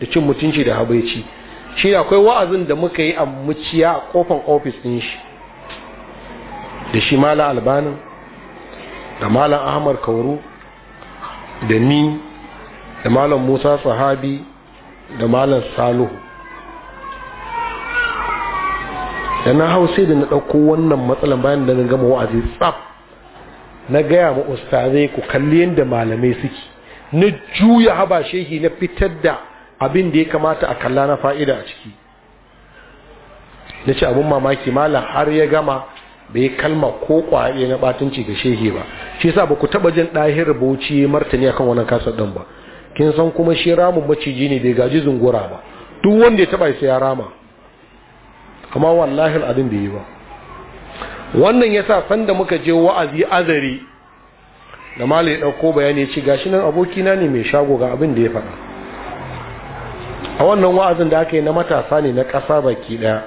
da cin mutunci da habaici shi da akwai wa'azin da muka yi a muciya a kofan ofis ɗin shi da shi malam albanin da malam ahmad kauru da ni da malam musa sahabi da malam saluhu da na hau sai da na ɗauko wannan matsalan bayan da na gama wa'azi tsaf na gaya ma ustazai ku kalli yadda malamai suke na juya haba shehi na fitar da abin da ya kamata a kalla na fa'ida a ciki na ce abin mamaki malam har ya gama bai kalma ko kwaye na batunci ga shehe ba shi sa ba ku taba jin ɗahir bauchi martani akan wannan kasar ɗan ba kin san kuma shi ramun maciji ne bai gaji zungura ba duk wanda ya taba sai ya rama amma wallahi abin bai yi ba wannan yasa san da muka je wa'azi azari da ya ɗauko bayani ya ce gashi nan abokina ne mai shago ga abin da ya faɗa a wannan wa'azin da aka yi na matasa ne na ƙasa baki ɗaya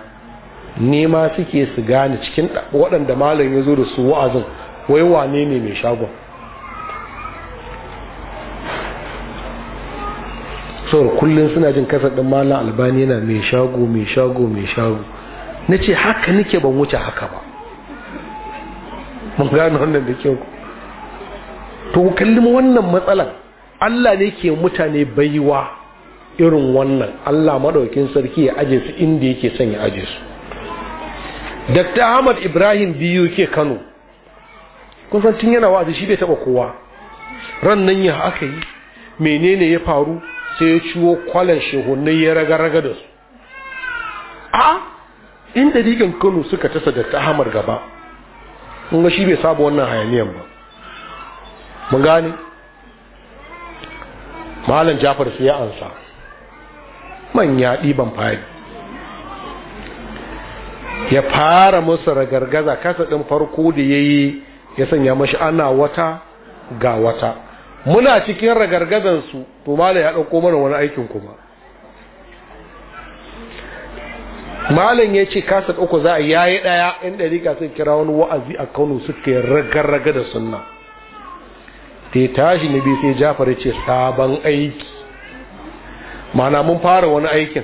nema suke su gane cikin waɗanda malam ya zo da su wa'azin wai wane ne mai shagon saboda kullum suna jin kasar ɗin malam albani yana mai shago mai shago mai shago na ce haka nike ban wuce haka ba mun gano wannan da kyau to kallon wannan matsalan Allah ne ke mutane baiwa irin wannan Allah madaukin sarki ya aje su inda yake son ya aje su Dr. Ahmad Ibrahim biyu ke Kano kusan tun yana wa'azi shi bai taba kowa ran nan ya aka yi menene ya faru sai ya ciwo kwalan shehunai ya raga-raga da su a inda rigan Kano suka tasa Dr. Ahmad gaba kun ga shi bai saba wannan hayaniyan ba mun gane malam Jafar sai ya ansa manya ɗiban fari ya fara musu ragargaza kasa ɗin farko da ya yi ya sanya mashi ana wata ga wata muna cikin ragargazansu to malam ya ɗauko mana wani aikin kuma malam ya ce kasa uku za a yayi ɗaya in ka sun kira wani wa'azi a kano suka yi ragarraga da sunna ta tashi na bi sai jafar ce sabon aiki mana mun fara wani aikin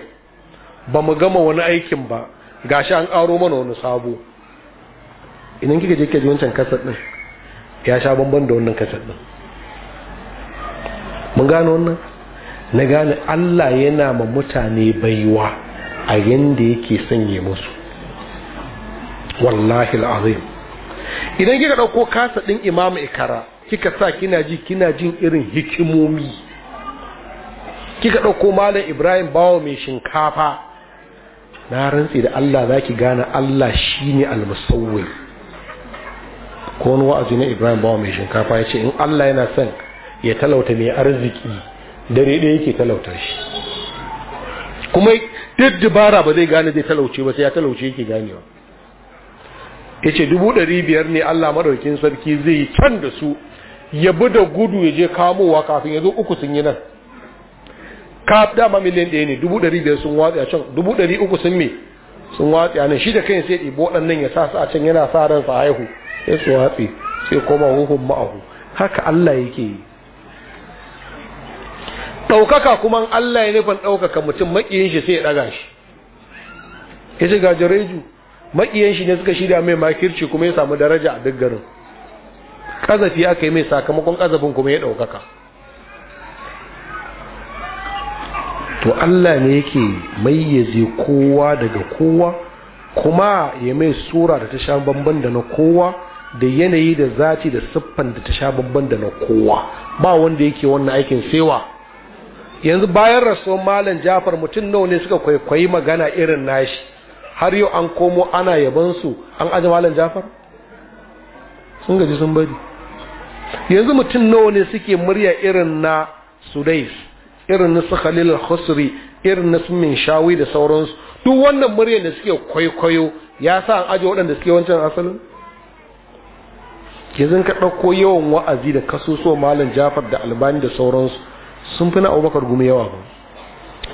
ba mu gama wani aikin ba gashi an karo mana wani sabo idan kika je kaji wancan kasar din ya sha bamban da wannan kasar din mun gano wannan na gane Allah yana ma mutane baiwa a yanda yake sanye musu wallahi al'azim idan kika ɗauko kasa din imamu ikara kika sa kina ji kina jin irin hikimomi kika ɗauko malam ibrahim bawo mai shinkafa na rantsi da allah za ki gane allah shi ne almusawwir ko wani wa'azi na ibrahim bawo mai shinkafa ya ce in allah yana son ya talauta mai arziki dare daya yake talauta shi kuma duk dubara ba zai gane zai talauce ba sai ya talauce yake ganewa ya ce dubu ɗari biyar ne allah maɗaukin sarki zai can da su ya bi da gudu ya je kamowa kafin ya zo uku sun yi nan kaf dama miliyan ɗaya ne dubu ɗari biyar sun watsi a can dubu ɗari uku sun me sun watsi a nan shi da kai sai ɗibo ɗannan ya sa su a can yana sa ran sa haihu sai su watsi sai koma huhun ma'ahu haka Allah yake yi ɗaukaka kuma Allah ya nufin ɗaukaka mutum maƙiyin shi sai ya ɗaga shi ya ji gajareju maƙiyin shi ne suka shirya mai makirci kuma ya samu daraja a duk garin ƙazafi aka yi mai sakamakon ƙazafin kuma ya ɗaukaka to Allah ne yake mayyaze kowa daga kowa kuma ya mai sura da ta sha bamban da na kowa da yanayi da zati da siffan da ta sha bamban da na kowa ba wanda yake wannan aikin sewa yanzu bayan rasuwar malam jafar mutum nawa ne suka kwaikwayi magana irin nashi har yau an komo ana yabansu an aje malam jafar sun gaji sun bari yanzu mutum nawa ne suke murya irin na sudais irin na su khalil al-khusri irin na su min shawi da sauransu duk wannan muryar da suke kwaikwayo ya sa an aje waɗanda suke wancan asalin ke zan ka ɗauko yawan wa'azi da kasuso malam jafar da albani da sauransu sun fi na abubakar gumi yawa ba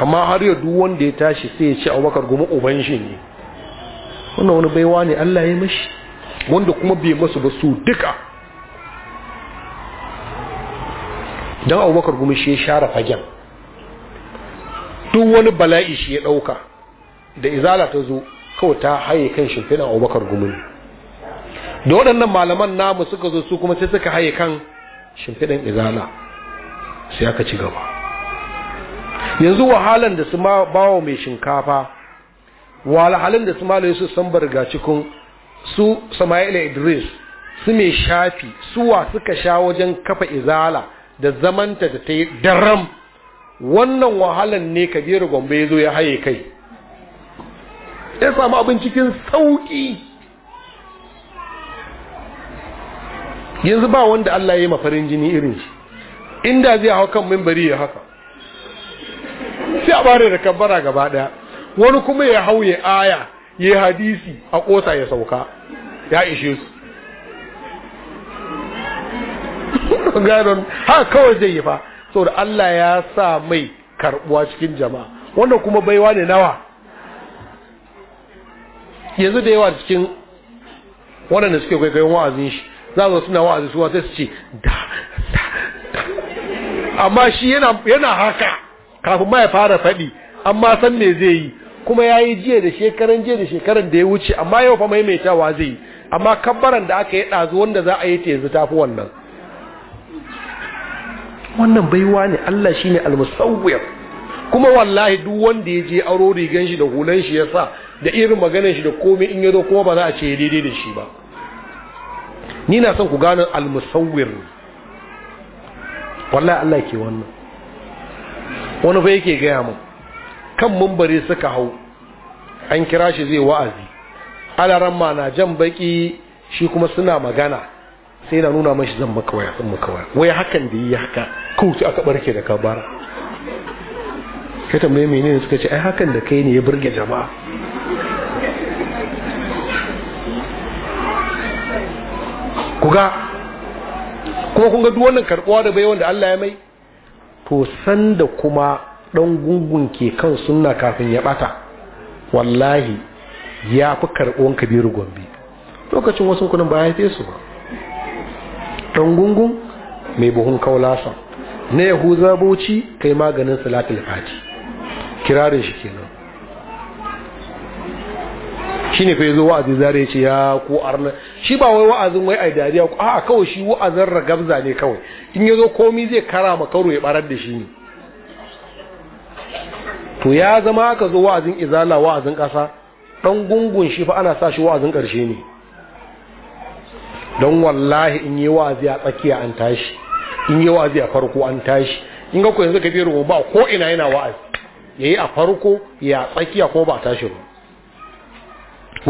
amma har yau duk wanda ya tashi sai ya ce abubakar gumi uban shi ne wannan wani baiwa ne allah ya mashi wanda kuma bai masu ba su duka don abubakar gumi shi ya share fagen duk wani bala'i shi ya ɗauka da izala ta zo kawai ta haye kan a abubakar gumuni da waɗannan malaman namu suka zo su kuma sai suka haye kan shimfiɗan izala sai aka ci gaba yanzu wahalan da su ma bawa mai shinkafa wahalan da su malaye su san barga cikin su sama'ila idris su mai shafi suwa suka sha wajen kafa izala da zamanta da ta yi daram wannan wahalan ne kabiru gombe ya zo ya haye kai ya samu abin cikin sauƙi yanzu ba wanda Allah ya yi mafarin jini irin shi inda zai hau kan mimbari ya haka sai a bare da kabbara gaba ɗaya wani kuma ya hau ya aya ya hadisi a ƙosa ya sauka ya ishe su ha kawai zai yi fa saboda Allah ya sa mai karbuwa cikin jama'a wannan kuma baiwa ne nawa yanzu da yawa cikin da suke kwaikwayon wa'azin shi za su suna wa'azi suwa sai su ce da amma shi yana haka kafin ma ya fara faɗi amma san me zai yi kuma ya yi jiya da shekaran jiya da shekaran da ya wuce amma yau fa maimaitawa zai yi amma kabbaran da aka yi ɗazu wanda za a yi ta yanzu tafi wannan wannan baiwa ne Allah shine ne musawwir kuma wallahi duk wanda ya je aro rigan shi da hulan shi sa da irin maganar shi da komai in zo kuma ba za a ce daidai da shi ba ni na son ku gane al ne wallahi Allah ke wannan wani fa yake gaya mu kan mumbari suka hau an kira shi zai wa'azi alaran ma na jan baki shi kuma suna magana sai na nuna mashi zan maka waya zan maka waya waya hakan da yi haka kawai aka barke da kabara ya tambaye ne suka ce ai hakan da kai ne ya burge jama'a Ku ga kuma kun ga duk wannan karbuwa da bai wanda Allah ya mai to san da kuma dan gungun ke kan sunna kafin ya bata wallahi ya fi karbuwan kabiru gombe lokacin wasu kunan ba ya su ba tangungun mai buhun kaulasa na yahuza bauchi kai maganin salatul fati kirarin shi kenan shi ne fai zo wa'azi zare ce ya ko arna shi ba wai wa'azin wai ai dariya ko a'a kawai shi wa'azin ragabza ne kawai in ya zo komi zai kara ma karo ya barar da shi ne to ya zama ka zo wa'azin izala wa'azin ƙasa ɗan gungun shi fa ana sa shi wa'azin ƙarshe ne don wallahi in yi wazi a tsakiya an tashi in yi wazi a farko an tashi in ga ku yanzu ka biro ba ko ina yana wa'azi yayi a farko ya tsakiya ko ba tashi ba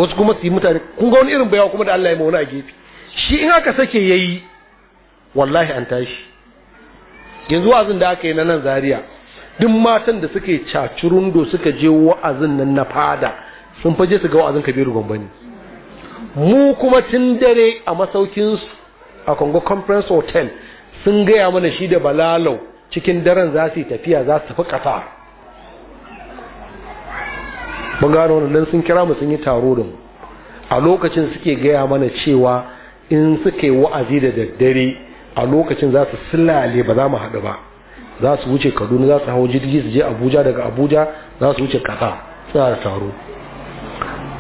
wasu kuma su yi mutane kun ga wani irin bayawa kuma da Allah ya mauna a gefe shi in aka sake yayi wallahi an tashi yanzu wa'azin da aka yi na nan zaria duk matan da suke cacurundo suka je wa'azin nan na fada sun faje su ga wa'azin kabiru gombani mu kuma tun dare a masaukinsu a Congo Conference Hotel sun gaya mana shi da balalau cikin daren za su yi tafiya za su fi ƙasa mun gano wani don sun kira mu sun yi taro da mu a lokacin suke gaya mana cewa in suke wa'azi da daddare a lokacin za su silale ba za mu haɗu ba za su wuce kaduna za su hau jirgi su je abuja daga abuja za su wuce ƙasa suna da taro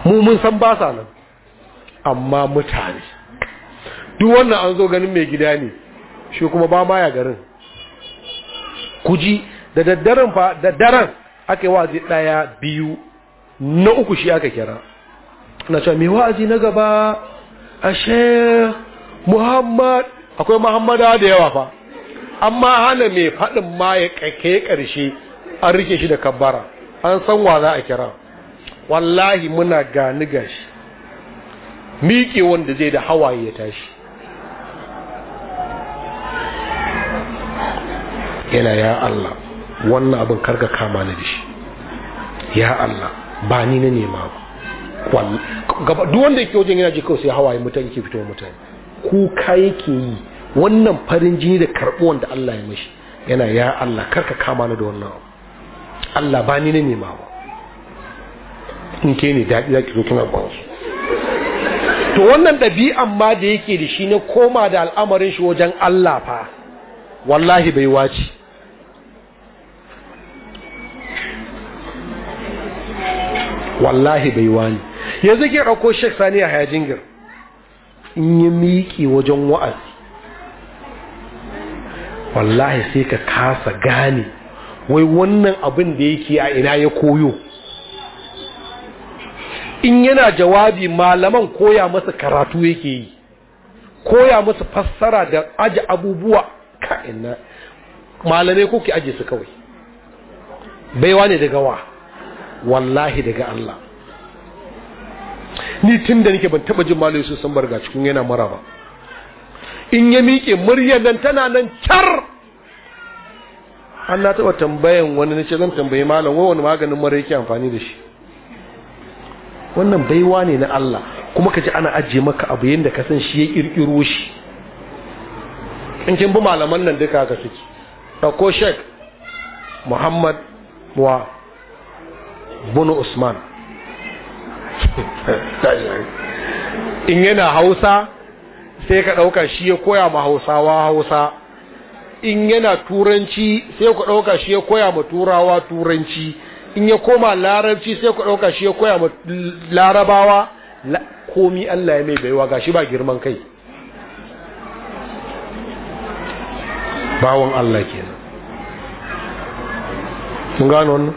mu mun san ba nan amma mutane duk wannan an zo ganin mai gida ne shi kuma ba ma ya garin kuji da daddaren fa da aka yi wa'azi ɗaya biyu na uku shi aka kira na cewa mai wa'azi na gaba a muhammad akwai muhammada da yawa fa amma hana mai faɗin ma ya kake ƙarshe an rike shi da kabbara an san wa za a kira wallahi muna gani gashi miƙe wanda zai da hawaye ya tashi yana ya Allah wannan abin karka kama na dishi ya Allah ba ni na nema ba duk wanda yake wajen yana ji kawai sai hawaye mutane yake fito mutane kuka yake yi wannan farin jini da karɓo wanda Allah ya mashi yana ya Allah karka kama na da wannan abu Allah ba ni na nema ba in ke ne daɗi za ki zo kina ba to wannan ɗabi'an ma da yake da shi ne koma da al'amarin shi wajen Allah fa wallahi bai wace wallahi bai wani yanzu ke rako shek sani a gir in yi miƙi wajen wa'azi wallahi sai ka kasa gane wai wannan abin da yake a ina ya koyo in yana jawabi malaman koya masa karatu yake yi koya masa fassara da aji abubuwa ka'ina malamai ko ki aje su kawai baiwa ne daga wa wallahi daga Allah ni tun da nake ban taba jin malamai su san barga cikin yana mara ba in ya miƙe muryar nan tana nan car an na taba tambayan wani na ce zan tambayi malam wai wani maganin mara yake amfani da shi wannan baiwa ne na Allah kuma ka ji ana ajiye maka abu yadda ka san shi ya kirkiro shi in kin bi malaman nan duka ka suke ɗauko shek muhammad wa bunu usman in yana hausa sai ka ɗauka shi ya koya ma hausawa hausa in yana turanci sai ku ɗauka shi ya koya ma turawa turanci in ya koma larabci sai ku ɗauka shi ya koya ma larabawa komi Allah ya mai baiwa gashi ba girman kai bawon Allah kenan kun gano wannan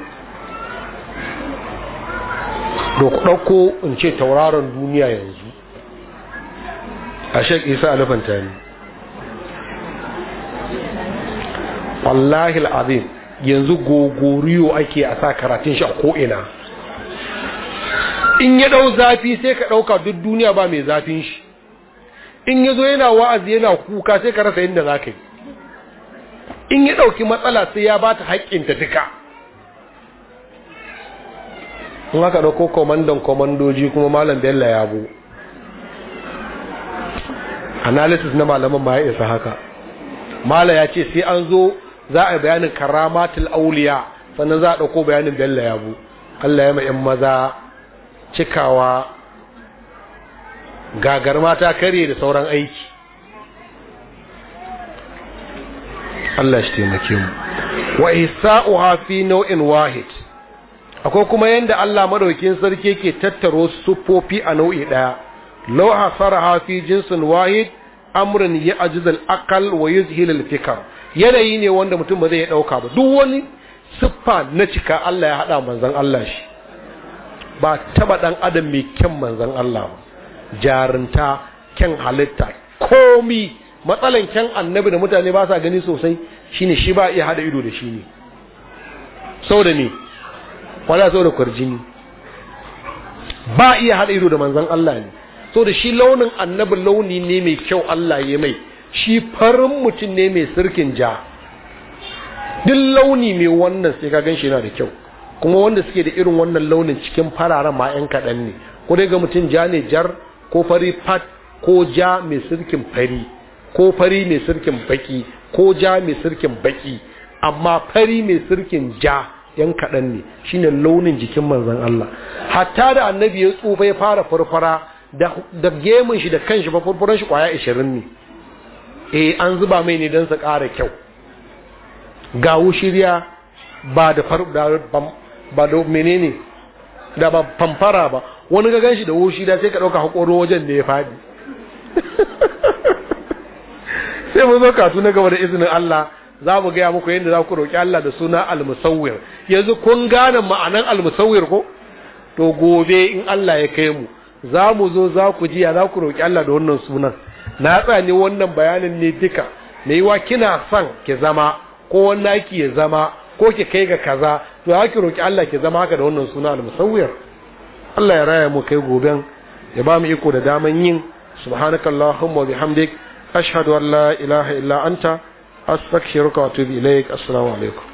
da ku ɗauko in ce tauraron duniya yanzu a shek isa alifanta ne wallahi al'azim yanzu gogoriyo ake a sa karatun shi a ko'ina in ya ɗau zafi sai ka ɗauka duk duniya ba mai zafin shi in ya zo yana wa'azi yana kuka sai ka rasa inda za ka yi in ya ɗauki matsala sai ya ba ta haƙƙinta duka in haka ɗauko komandan komandoji kuma malam bello ya bu analysis na malaman ma ya isa haka mala ya ce sai an zo za a yi bayanin karamatul auliya sannan za a ɗauko bayanin bella yabo Allah ya ma'in maza cikawa gagar mata kare da sauran aiki Allah shi taimake mu wa ihsa'uha fi nau'in wahid akwai kuma yanda Allah madaukin sarki yake tattaro sufofi a nau'i daya law hasaraha fi jinsin wahid amrun ya al aqal wa yuzhilal fikir. fikr yanayi ne wanda mutum ba zai ya ɗauka ba duk wani siffa na cika Allah ya haɗa manzan Allah shi ba taba ɗan adam mai kyan manzan Allah ba jarinta kyan halitta komi matsalan kyan annabi da mutane ba sa gani sosai shine shi ba iya haɗa ido da shi ne Sau da ne wala saboda kwarjini ba iya haɗa ido da manzan Allah ne da shi launin annabi launi ne mai kyau Allah ya mai shi farin mutum ne mai sirkin ja duk launi mai wannan sai ka gan shi yana da kyau kuma wanda suke da irin wannan launin cikin fararen ma 'yan kaɗan ne ko dai ga mutum ja ne jar ko fari fat ko ja mai sirkin fari ko fari mai sirkin baki ko ja mai sirkin baki amma fari mai sirkin ja yan kaɗan ne shine launin jikin manzon Allah hatta da annabi ya tsufa ya fara farfara da gemun shi da kanshi ba furfuran shi kwaya 20 ne eh an zuba mai ne don sa ƙara kyau ga wushiriya ba da faru ba da menene da ba famfara ba wani ga ganshi da wushiriya sai ka ɗauka haƙoro wajen da ya faɗi sai mun zo kasu na gaba da izinin Allah za mu gaya muku yadda za ku roƙi Allah da suna almusawwir yanzu kun gane ma'anan almusawwir ko to gobe in Allah ya kai mu za mu zo za ku jiya za ku roƙi Allah da wannan sunan na tsani wannan bayanin ne duka mai wa kina son ki zama ko wannan ki ya zama ko ki kai ga kaza to ya ki roki Allah ki zama haka da wannan suna da musawwir Allah ya raya mu kai goben ya ba mu iko da daman yin subhanakallahumma wa bihamdik ashhadu an la ilaha illa anta astaghfiruka wa atubu ilaik assalamu alaikum